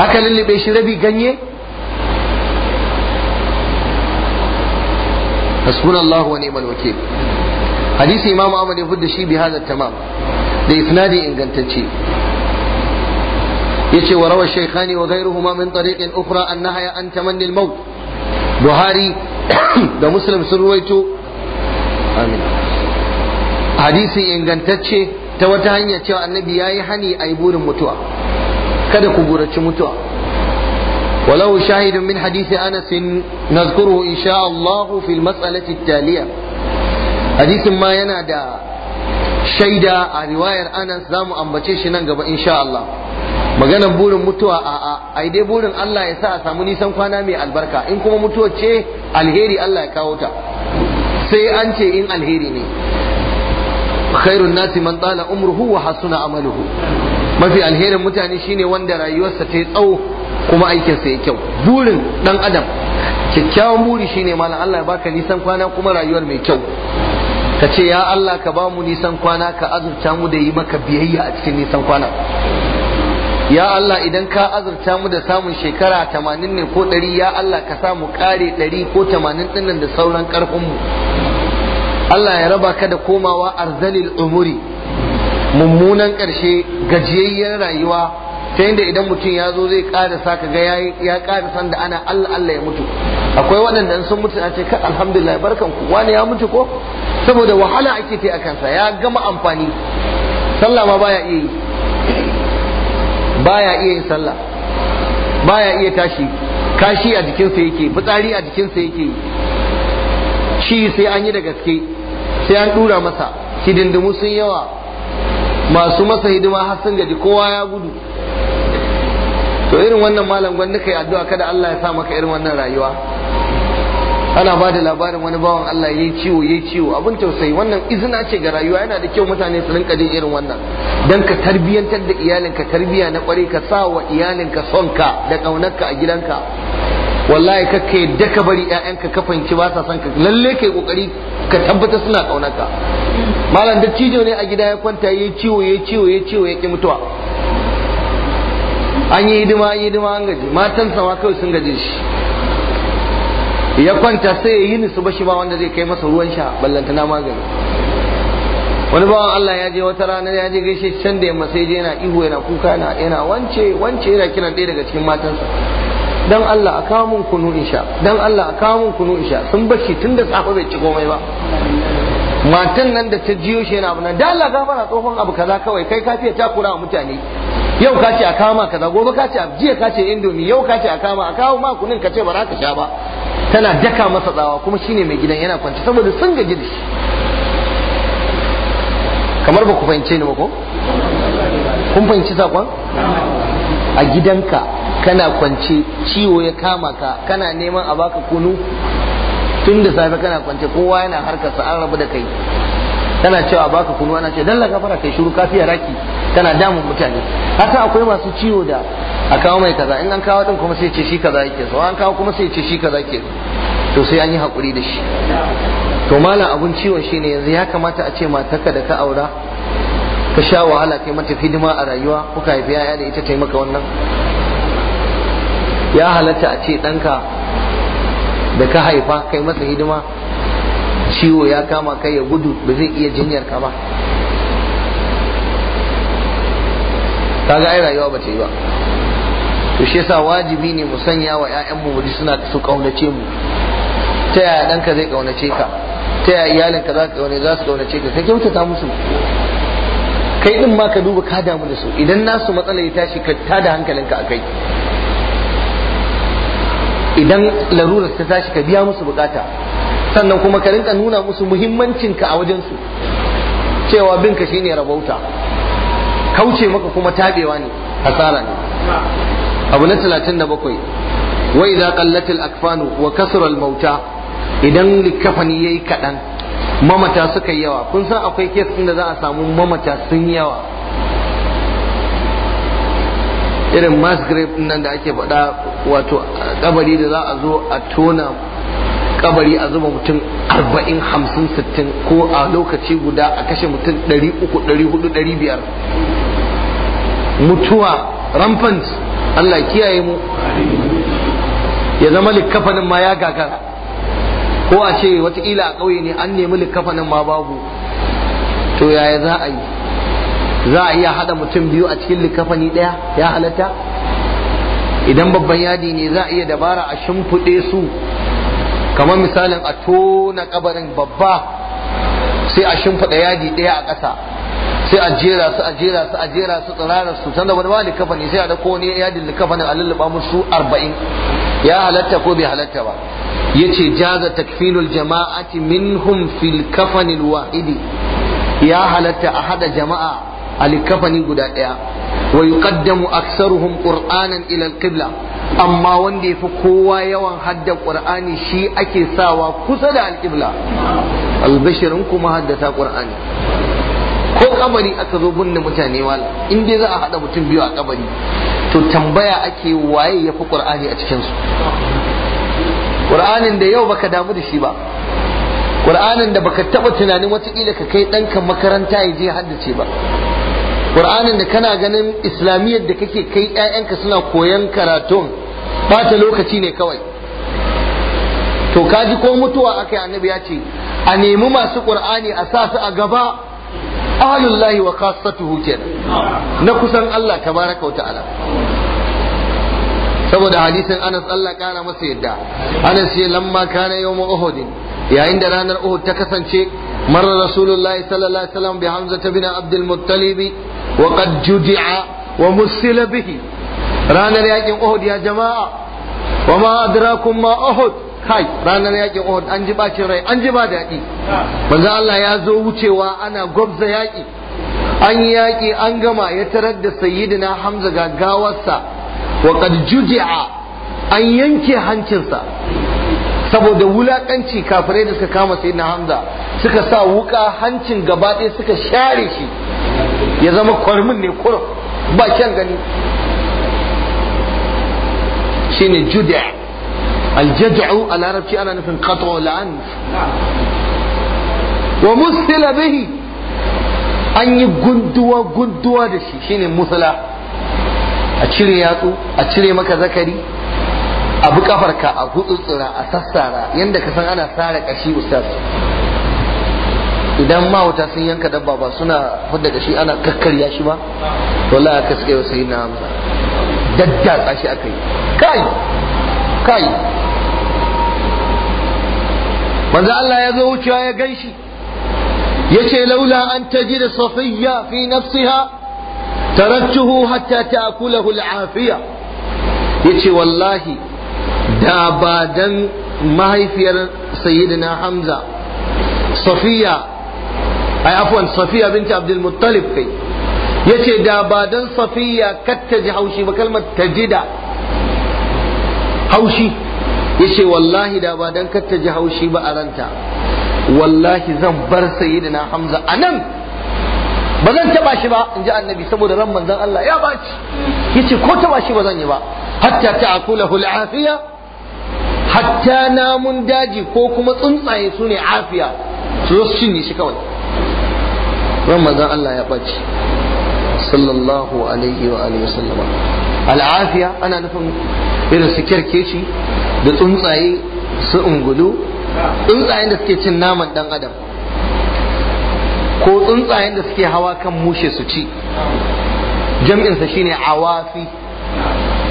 aka lullube shi rabi ganye hasbunallahu wa ni'mal wakil hadisi imamu ahmad ya fudda shi bi hadha tamam da isnadi ingantacce yace wa rawa shaykhani wa ghayruhuma min tariqin ukhra an nahaya an tamanni al maut buhari da muslim sun ruwaito amin hadisi ingantacce ta wata hanya cewa annabi yayi hani ayi burin mutuwa kada ku buraci mutuwa ولو شاهد من حديث أنس نذكره إن شاء الله في المسألة التالية hadisin ma yana da shaida a riwayar anas za mu ambace shi nan gaba insha Allah Maganar burin mutuwa a a ai dai burin Allah ya sa a samu nisan kwana mai albarka in kuma mutuwa ce alheri Allah ya kawo ta sai an ce in alheri ne khairun nasi man tala umruhu wa hasuna amaluhu mafi alherin mutane shine wanda rayuwarsa ta yi tsawo kuma aikinsa ya kyau burin dan adam kyakkyawan buri shine malam Allah ya baka nisan kwana kuma rayuwar mai kyau ka ce ya Allah ka ba mu nisan kwana ka azurta mu da yi maka biyayya a cikin nisan kwana ya Allah idan ka azurta mu da samun shekara tamanin ne ko ɗari ya Allah ka samu ƙare ɗari ko tamanin ɗinnan da sauran ƙarfinmu Allah ya raba ka da komawa arzalil umuri mummunan ƙarshe gajiyayyen rayuwa ta yadda idan mutum ya zo zai ƙarasa ka ga ya ƙarasa da ana Allah Allah ya mutu akwai waɗanda sun mutu a ce kan alhamdulillah barkan ku wani ya mutu ko saboda wahala ake ce a kansa ya gama amfani sallah ma baya iya yi baya iya yin sallah baya iya tashi kashi a jikinsa yake fitsari a jikinsa yake shi sai an yi da gaske sai an dura masa hidindimu sun yawa masu masa hidima har sun gaji kowa ya gudu to irin wannan malam gwanda kai addu'a kada Allah ya sa maka irin wannan rayuwa ana ba da labarin wani bawan Allah ya ciwo ya ciwo abin tausayi wannan izina ce ga rayuwa yana da kyau mutane su rinka jin irin wannan dan ka tarbiyantar da iyalinka tarbiya na kware ka sa wa iyalinka sonka da kaunarka a gidanka wallahi kakka yadda ka bari ƴaƴanka ka fanci ba sa son ka lalle kai kokari ka tabbata suna kaunarka malam da cijo ne a gida ya kwanta ya ciwo ya ciwo ya ciwo ya ki mutuwa an yi hidima an yi hidima an gaji matan sama kawai sun gaje shi ya kwanta sai ya yi su ba shi ba wanda zai kai masa ruwan sha ballantana magani wani bawan Allah ya je wata rana ya je gaishe can da yamma sai je yana ihu yana kuka yana yana wance wance yana kiran ɗaya daga cikin matansa dan Allah a kawo mun kunu insha dan Allah a kawo mun kunu insha sun bashi tun da safe bai ci komai ba matan nan da ta jiyo shi yana abunan da Allah gafara tsohon abu kaza kawai kai ka fiye takura wa mutane yau ka ce a kama kaza gobe ka ce jiya ka ce indomi yau ka ce a kama a kawo makunin ka ce ba za ka sha ba tana daka masa tsawa kuma shine mai gidan yana kwanci saboda sun gaji da shi kamar ba ku fahimce ni ba ko kun fahimci sakon a gidanka kana kwance ciwo ya kama ka kana neman a baka kunu tun da safe kana kwance kowa yana harkarsa an rabu da kai tana cewa baka kunu ana ce dalla gafara kai shiru kafiya raki tana damun mutane haka akwai masu ciwo da a kawo mai kaza in an kawo din kuma sai ce shi kaza yake so an kawo kuma sai ce shi kaza yake to sai an yi hakuri da shi to malam abun ciwon shine yanzu ya kamata a ce matarka da ka aura ka sha wahala kai mata hidima a rayuwa kuka haifi yaya da ita taimaka wannan ya halatta a ce ɗanka da ka haifa kai masa hidima ciwo ya kama kai ya gudu ba zai iya jinyar ka ba kaga ai rayuwa ba ta yi ba to shi yasa wajibi ne mu sanya wa ƴaƴan mu wuri suna su kaunace mu ta yaya ɗanka zai kaunace ka ta yaya iyalinka za ka za su kaunace ka ka kyautata musu kai din ma ka duba ka damu da su idan nasu matsala ya tashi ka tada hankalinka a kai idan larurar ta tashi ka biya musu bukata sannan kuma ka rinka nuna musu muhimmancinka a wajensu cewa bin ka shine rabauta kauce maka kuma tabewa ne hasara ne abu na 37 wa idza za al akfanu wa kasra mauta idan likafani yayi kaɗan. mamata suka yawa kun san akwai kes da za a samu mamata sun yawa irin mass grave nan da ake faɗa wato kabari da za a zo a tona kabari a zuba mutum arba'in hamsin sittin ko a lokaci guda a kashe mutum ɗari uku ɗari hudu ɗari biyar mutuwa rampant Allah kiyaye mu ya zama likkafanin ma ya gagara ko a ce watakila a ƙauye ne an nemi likkafanin ma babu to yaya za a yi za a iya haɗa mutum biyu a cikin likkafani ɗaya ya halatta idan babban yadi ne za a iya dabara a shimfiɗe su kamar misalin a tona kabarin babba sai a shimfiɗa yadi ɗaya a ƙasa sai a jera su a jera su a jera su su sanda wani wani kafani sai a da ko ne yadin likafanin a lulluɓa musu arba'in ya halatta ko bai halatta ba yace jaza takfinul jama'ati minhum fil kafanin wahidi ya halatta a hada jama'a a likafani guda ɗaya wa yuqaddamu aktsaruhum qur'anan ila al-qibla amma wanda ya fi kowa yawan hadda ƙur'ani shi ake sawa kusa da alƙibla albashirin kuma haddata ƙur'ani ko kabari aka zo binne mutane wala in dai za a haɗa mutum biyu a kabari to tambaya ake waye ya fi ƙur'ani a cikinsu ƙur'anin da yau baka damu da shi ba ƙur'anin da baka taɓa tunanin wataƙila ka kai ɗanka makaranta ya je haddace ba ƙur'anin da kana ganin islamiyyar da kake kai ƴaƴanka suna koyan karatun bata lokaci ne kawai to kaji ko mutuwa yi annabi ya ce a nemi masu qur'ani a sa su a gaba ahlullahi wa khassatuhu kenan na kusan Allah tabaraka wa ta'ala saboda hadisin Anas Allah kara masa yadda Anas ya lamma kana yawm Uhud yayin da ranar Uhud ta kasance marar Rasulullahi sallallahu alaihi wasallam bi Hamza bin Abdul Muttalibi wa qad judi'a wa musila bihi ranar yaƙin Uhud ya jama'a wa ma adrakum ma Uhud kai ranar yakin Uhud an ji bacin rai an ji ba daɗi manzo Allah ya zo wucewa ana gwabza yaƙi. an yaƙi an gama ya tarar da sayyidina Hamza ga gawarsa wa qad an yanke hancinsa saboda wulaƙanci kafirai da suka kama sayyidina Hamza suka sa wuƙa hancin gaba ɗaya suka share shi ya zama kwarmin ne kurum ba kyan gani ne juda aljad'u a larabci ana nufin qat'u la'an wa musila bihi an yi gunduwa gunduwa da shi shine musala a cire yatsu a cire maka zakari abu kafarka a gutsutsura a sassara yadda ka san ana sare kashi ustaz idan wata sun yanka dabba ba suna fadda da shi ana kakkarya shi ba wallahi aka suka yi sai na shi aka yi kai kai manzo Allah ya zo wucewa ya gan shi yace laula an da safiya fi nafsiha taraktuhu hatta ta'kulahu al'afiya yace wallahi da ba dan mahaifiyar sayyidina hamza safiya ai afwan safiya binti abdul muttalib kai yace da ba dan safiya katta ji haushi ba kalmar tajida haushi yace wallahi da ba dan katta ji haushi ba a ranta wallahi zan bar sayyidina hamza anan ba zan taba shi ba in ji annabi saboda ran manzon Allah ya baci yace ko taba shi ba zan yi ba hatta ta'kulahu al'afiya hatta namun daji ko kuma tsuntsaye su ne afiya su zo su cinye shi kawai ran manzon Allah ya ɓaci sallallahu alaihi wa alihi wasallama al'afiya ana nufin irin su kerkeci da tsuntsaye su ungulu tsuntsayen da suke cin naman ɗan adam ko tsuntsayen da suke hawa kan mushe su ci jam'insa shine awafi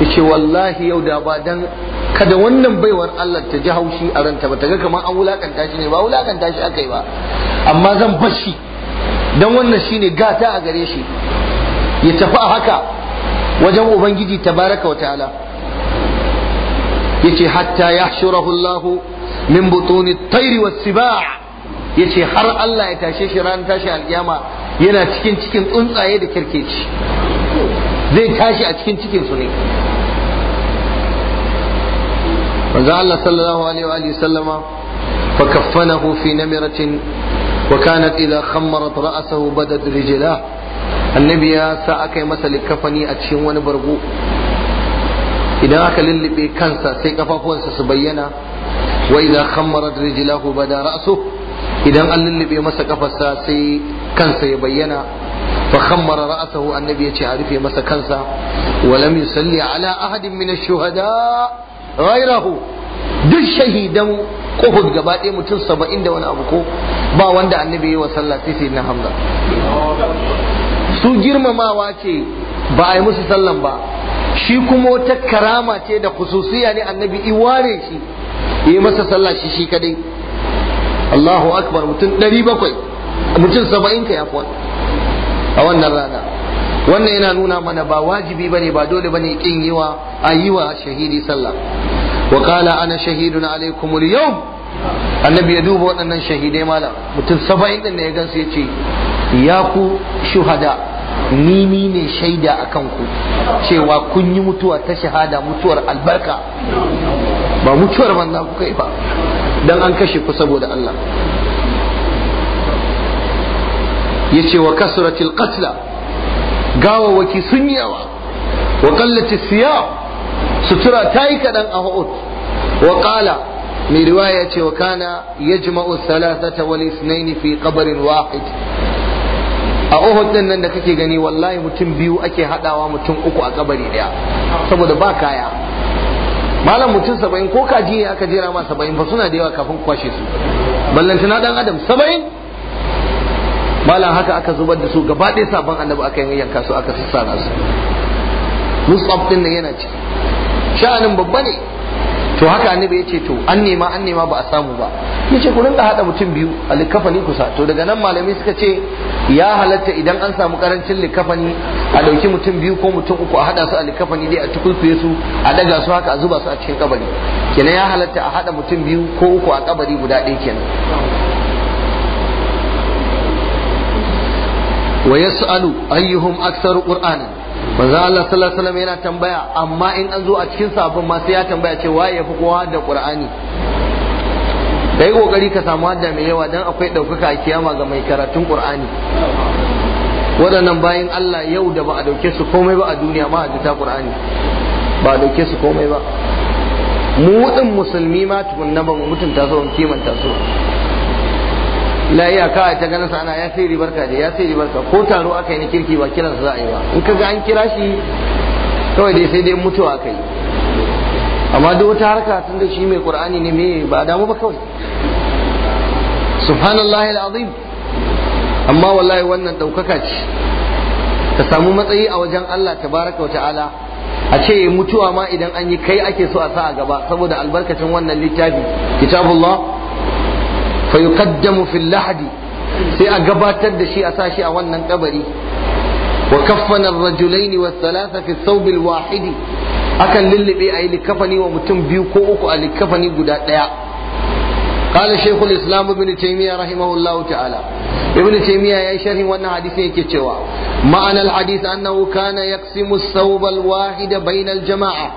yace wallahi yau da ba dan kada wannan baiwar Allah ta ji haushi a ranta ba ta ga kamar an wulakanta shi ne ba wulakanta shi aka yi ba amma zan bashi don wannan shine gata a gare shi ya tafi a haka wajen ubangiji tabaraka wa ta'ala yace hatta yahshurahu Allah min butuni at was-siba' yace har Allah ya tashe shi ran tashi alkiyama yana cikin cikin tsuntsaye da kirkeci zai tashi a cikin cikin su ne manzo Allah sallallahu alaihi wa sallama fa kaffanahu fi namiratin وكانت إذا خمرت رأسه بدت رجلاه annabi ya sa aka yi masa likafani a cikin wani bargo idan aka lullube kansa sai kafafuwansa su bayyana wa idan khammarat rijlahu bada ra'su idan an lullube masa kafarsa sai kansa ya bayyana fa khammara ra'sahu annabi ya ce a rufe masa kansa wa lam salli ala ahadin min ash-shuhada ghayrahu duk shahidan uhud gaba ɗaya mutum saba'in da wani abu ko ba wanda annabi yi wa sallah sai na hamza su girmamawa ce ba a yi musu sallan ba shi kuma wata karama ce da khususiya ne annabi ware shi yi masa sallah shi shi kadai Allahu akbar mutum ɗari bakwai mutum saba'in ka ya a wannan rana wannan yana nuna mana ba wajibi bane ba dole bane kin wa a yi wa shahidi sallah wa qala ana shahidun alaikum yau. annabi ya duba waɗannan shahidai malam mutum saba'in din da ya gansu ya ce ya ku shuhada ni ni ne shaida a kanku cewa kun yi mutuwa ta shahada mutuwar albarka ba mutuwar banza kuka yi ba dan an kashe ku saboda Allah ya ce wa kasratil qatla gawawaki sun yawa wa qallati siyam sutura ta yi kaɗan a hu'ud wa ƙala mai riwaya ce wa kana ya jima'u salasata wani isnaini fi ƙabarin wahid a Uhud ɗin nan da kake gani wallahi mutum biyu ake haɗawa mutum uku a ƙabari ɗaya. saboda ba kaya malam mutum saba'in ko kaji ya aka jera ma saba'in fa suna da yawa kafin kwashe su ballantana dan adam saba'in malam haka aka zubar da su gaba ɗaya sabon annabi aka yi yanka su aka sassara su musab ɗin nan yana ce sha'anin babba ne to haka annabi ya ce to an nema an nema ba a samu ba ya ce ku da haɗa mutum biyu a kusa to daga nan malamai suka ce ya halatta idan an samu karancin likafani a ɗauki mutum biyu ko mutum uku a haɗa su a likafani dai a tukulfiye su a daga su haka a zuba su a cikin kabari kenan ya halatta a haɗa mutum biyu ko uku a kabari guda ɗaya kenan ويسأل أيهم أكثر قرآنا manzo Allah sallallahu alaihi wasallam yana tambaya amma in an zo a cikin sabon ma sai ya tambaya ce waye yafi kowa da Qur'ani dai kokari ka samu hadda mai yawa dan akwai daukaka a kiyama ga mai karatun Qur'ani waɗannan bayan Allah yau da ba a dauke su komai ba a duniya ma a ta Qur'ani ba a dauke su komai ba mu musulmi ma tukunna ba mu mutunta su mu kimanta su la iyaka ta ganin sa ana ya sai da ya sai ko taro aka yi na kirki ba kiran za a yi ba in ga an kira shi kawai dai sai dai mutuwa ka yi amma duk wata harka tun da shi mai qur'ani ne me ba damu ba kawai subhanallahi alazim amma wallahi wannan daukaka ce ka samu matsayi a wajen Allah tabaraka wa ta'ala a ce mutuwa ma idan an yi kai ake so a sa a gaba saboda albarkacin wannan littafi kitabullah فيقدم في اللحد سي اغباتر ده شي اسا ا wannan قبري وكفن الرجلين والثلاثه في الثوب الواحد اكن للبي اي لكفني ومتم بيو كو اوكو ا لكفني غدا ديا قال شيخ الاسلام ابن تيميه رحمه الله تعالى ابن تيميه يا شرح wannan hadisi yake cewa ma'ana alhadith annahu kana yaqsimu althawb alwahid bayna aljama'a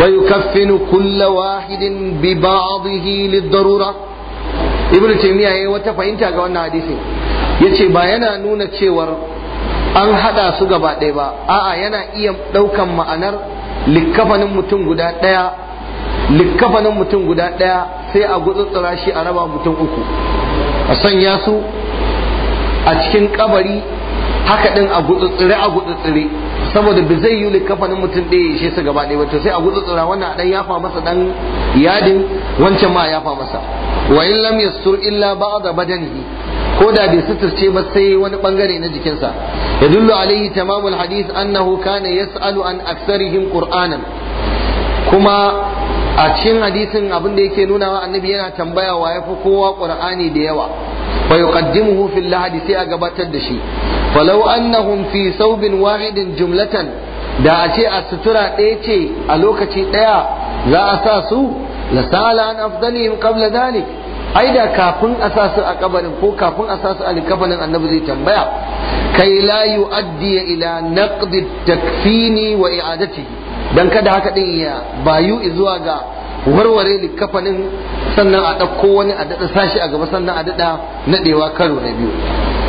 ويكفن كل واحد ببعضه للضروره ibn taymiya yayi wata fahimta ga wannan hadisin yace ba yana nuna cewar an hada su gaba ɗaya ba a'a yana iya ɗaukan ma'anar likkafanin mutum guda ɗaya likkafanin mutum guda ɗaya sai a gutsutsura shi a raba mutum uku a sanya su a cikin kabari haka din a gutsutsure a gutsutsure saboda ba zai yi kafanin mutum ɗaya shi su gaba ɗaya ba sai a gutsutsura wannan a ɗan yafa masa dan yadin wancan ma yafa masa wa in lam yastur illa ba'da badanihi ko da bai suturce ba sai wani bangare na jikinsa yadullu alaihi tamamul hadith annahu kana yas'alu an aksarihim qur'anan kuma a cikin hadisin abin da yake nunawa annabi yana tambaya wa yafi kowa qur'ani da yawa wa yuqaddimuhu fil lahadi sai a gabatar da shi falau annahum fi saubin wahidin jumlatan da a ce a sutura ɗaya ce a lokaci ɗaya za a sa su la sala an afdalihim qabla dhalik ai da kafin a sa su a kabarin ko kafin a sa su a likafanin annabi zai tambaya kai la yu'addi ila naqd takfini wa i'adatihi dan kada haka din ya bayu zuwa ga warware likafanin sannan a ɗauko wani a daɗa sashi a gaba sannan a daɗa naɗewa karo na biyu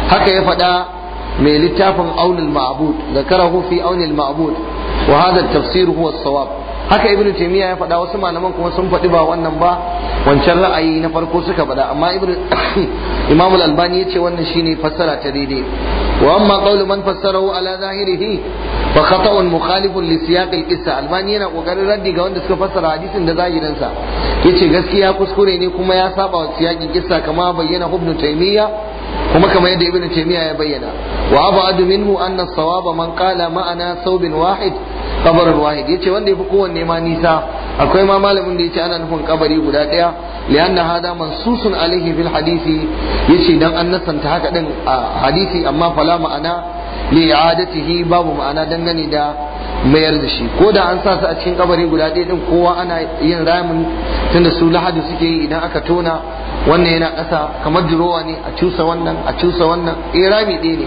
haka ya faɗa mai littafin aunil ma'bud zakarahu fi aunil ma'abud wa hadha tafsir huwa sawab haka ibn taymiya ya faɗa wasu malaman kuma sun faɗi ba wannan ba wancan ra'ayi na farko suka faɗa amma ibn imam al-albani yace wannan shine fassara ta daidai wa amma qawlu man fassarahu ala zahirihi fa khata'un mukhalifun li siyaq al-qissa albani yana kokarin raddi ga wanda suka fassara hadisin da zahirin sa yace gaskiya kuskure ne kuma ya saba wa siyaqin qissa kamar bayyana ibn taymiya kuma kamar yadda ibn taymiya ya bayyana wa abadu minhu anna sawaba man qala ma'ana saubin wahid qabr wahid yace wanda yafi kowanne ma nisa akwai ma malamin da yace ana nufin kabari guda daya anna hada mansusun alayhi fil hadisi yace dan an nasanta haka din a hadisi amma fala ma'ana li i'adatihi babu ma'ana dangane da mayar da shi ko da an sa su a cikin kabari guda ɗaya din kowa ana yin ramin tunda su lahadi suke yi idan aka tona wannan yana kasa kamar durowa ne a cusa wannan a cusa wannan eh rami ɗaya ne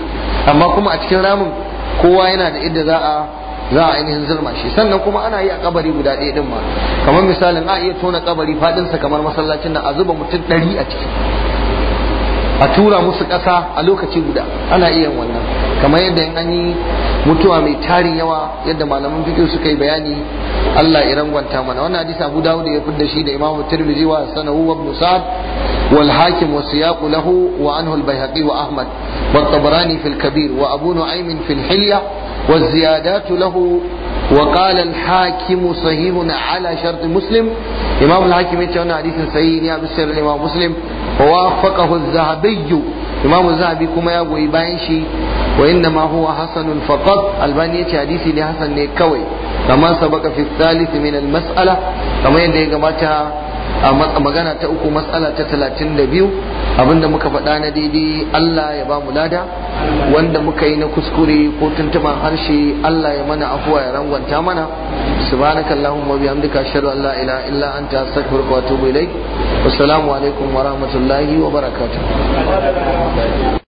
amma kuma a cikin ramin kowa yana da idda za a za a ainihin zurma shi sannan kuma ana yi a kabari guda ɗaya din ma kamar misalin a iya tona kabari sa kamar masallacin nan a zuba mutum ɗari a ciki a tura musu kasa a lokaci guda ana iya wannan kamar yadda in an yi mutuwa mai tari yawa yadda malaman fiqh suka yi bayani Allah ya rangwanta mana wannan hadisi Abu Dawud ya fidda shi da Imam Tirmidhi wa sanahu wa Ibn Sa'd wal Hakim wa siyaq lahu wa anhu al Baihaqi wa Ahmad wa Tabarani fil Kabir wa Abu Nu'aym fil Hilya wa ziyadat lahu وقال الحاكم صحيح على شرط مسلم امام الحاكم يتوانا حديث صحيح يا بسر الامام مسلم ووافقه الذهبي zahabi kuma ya يقول bayan shi. wa inna ma huwa hasanun faqat albani yace hadisi ne hasan ne kawai kama sabaka fi thalith mas'ala kamar yadda ya gabata a magana ta uku mas'ala ta talatin da biyu abinda muka faɗa na daidai Allah ya ba mu lada wanda muka yi na kuskure ko tuntuban harshe Allah ya mana afuwa ya rangwanta mana subhanakallahumma bihamdika ashhadu an la ilaha illa anta astaghfiruka wa atubu ilaik wassalamu alaikum wa rahmatullahi wa barakatuh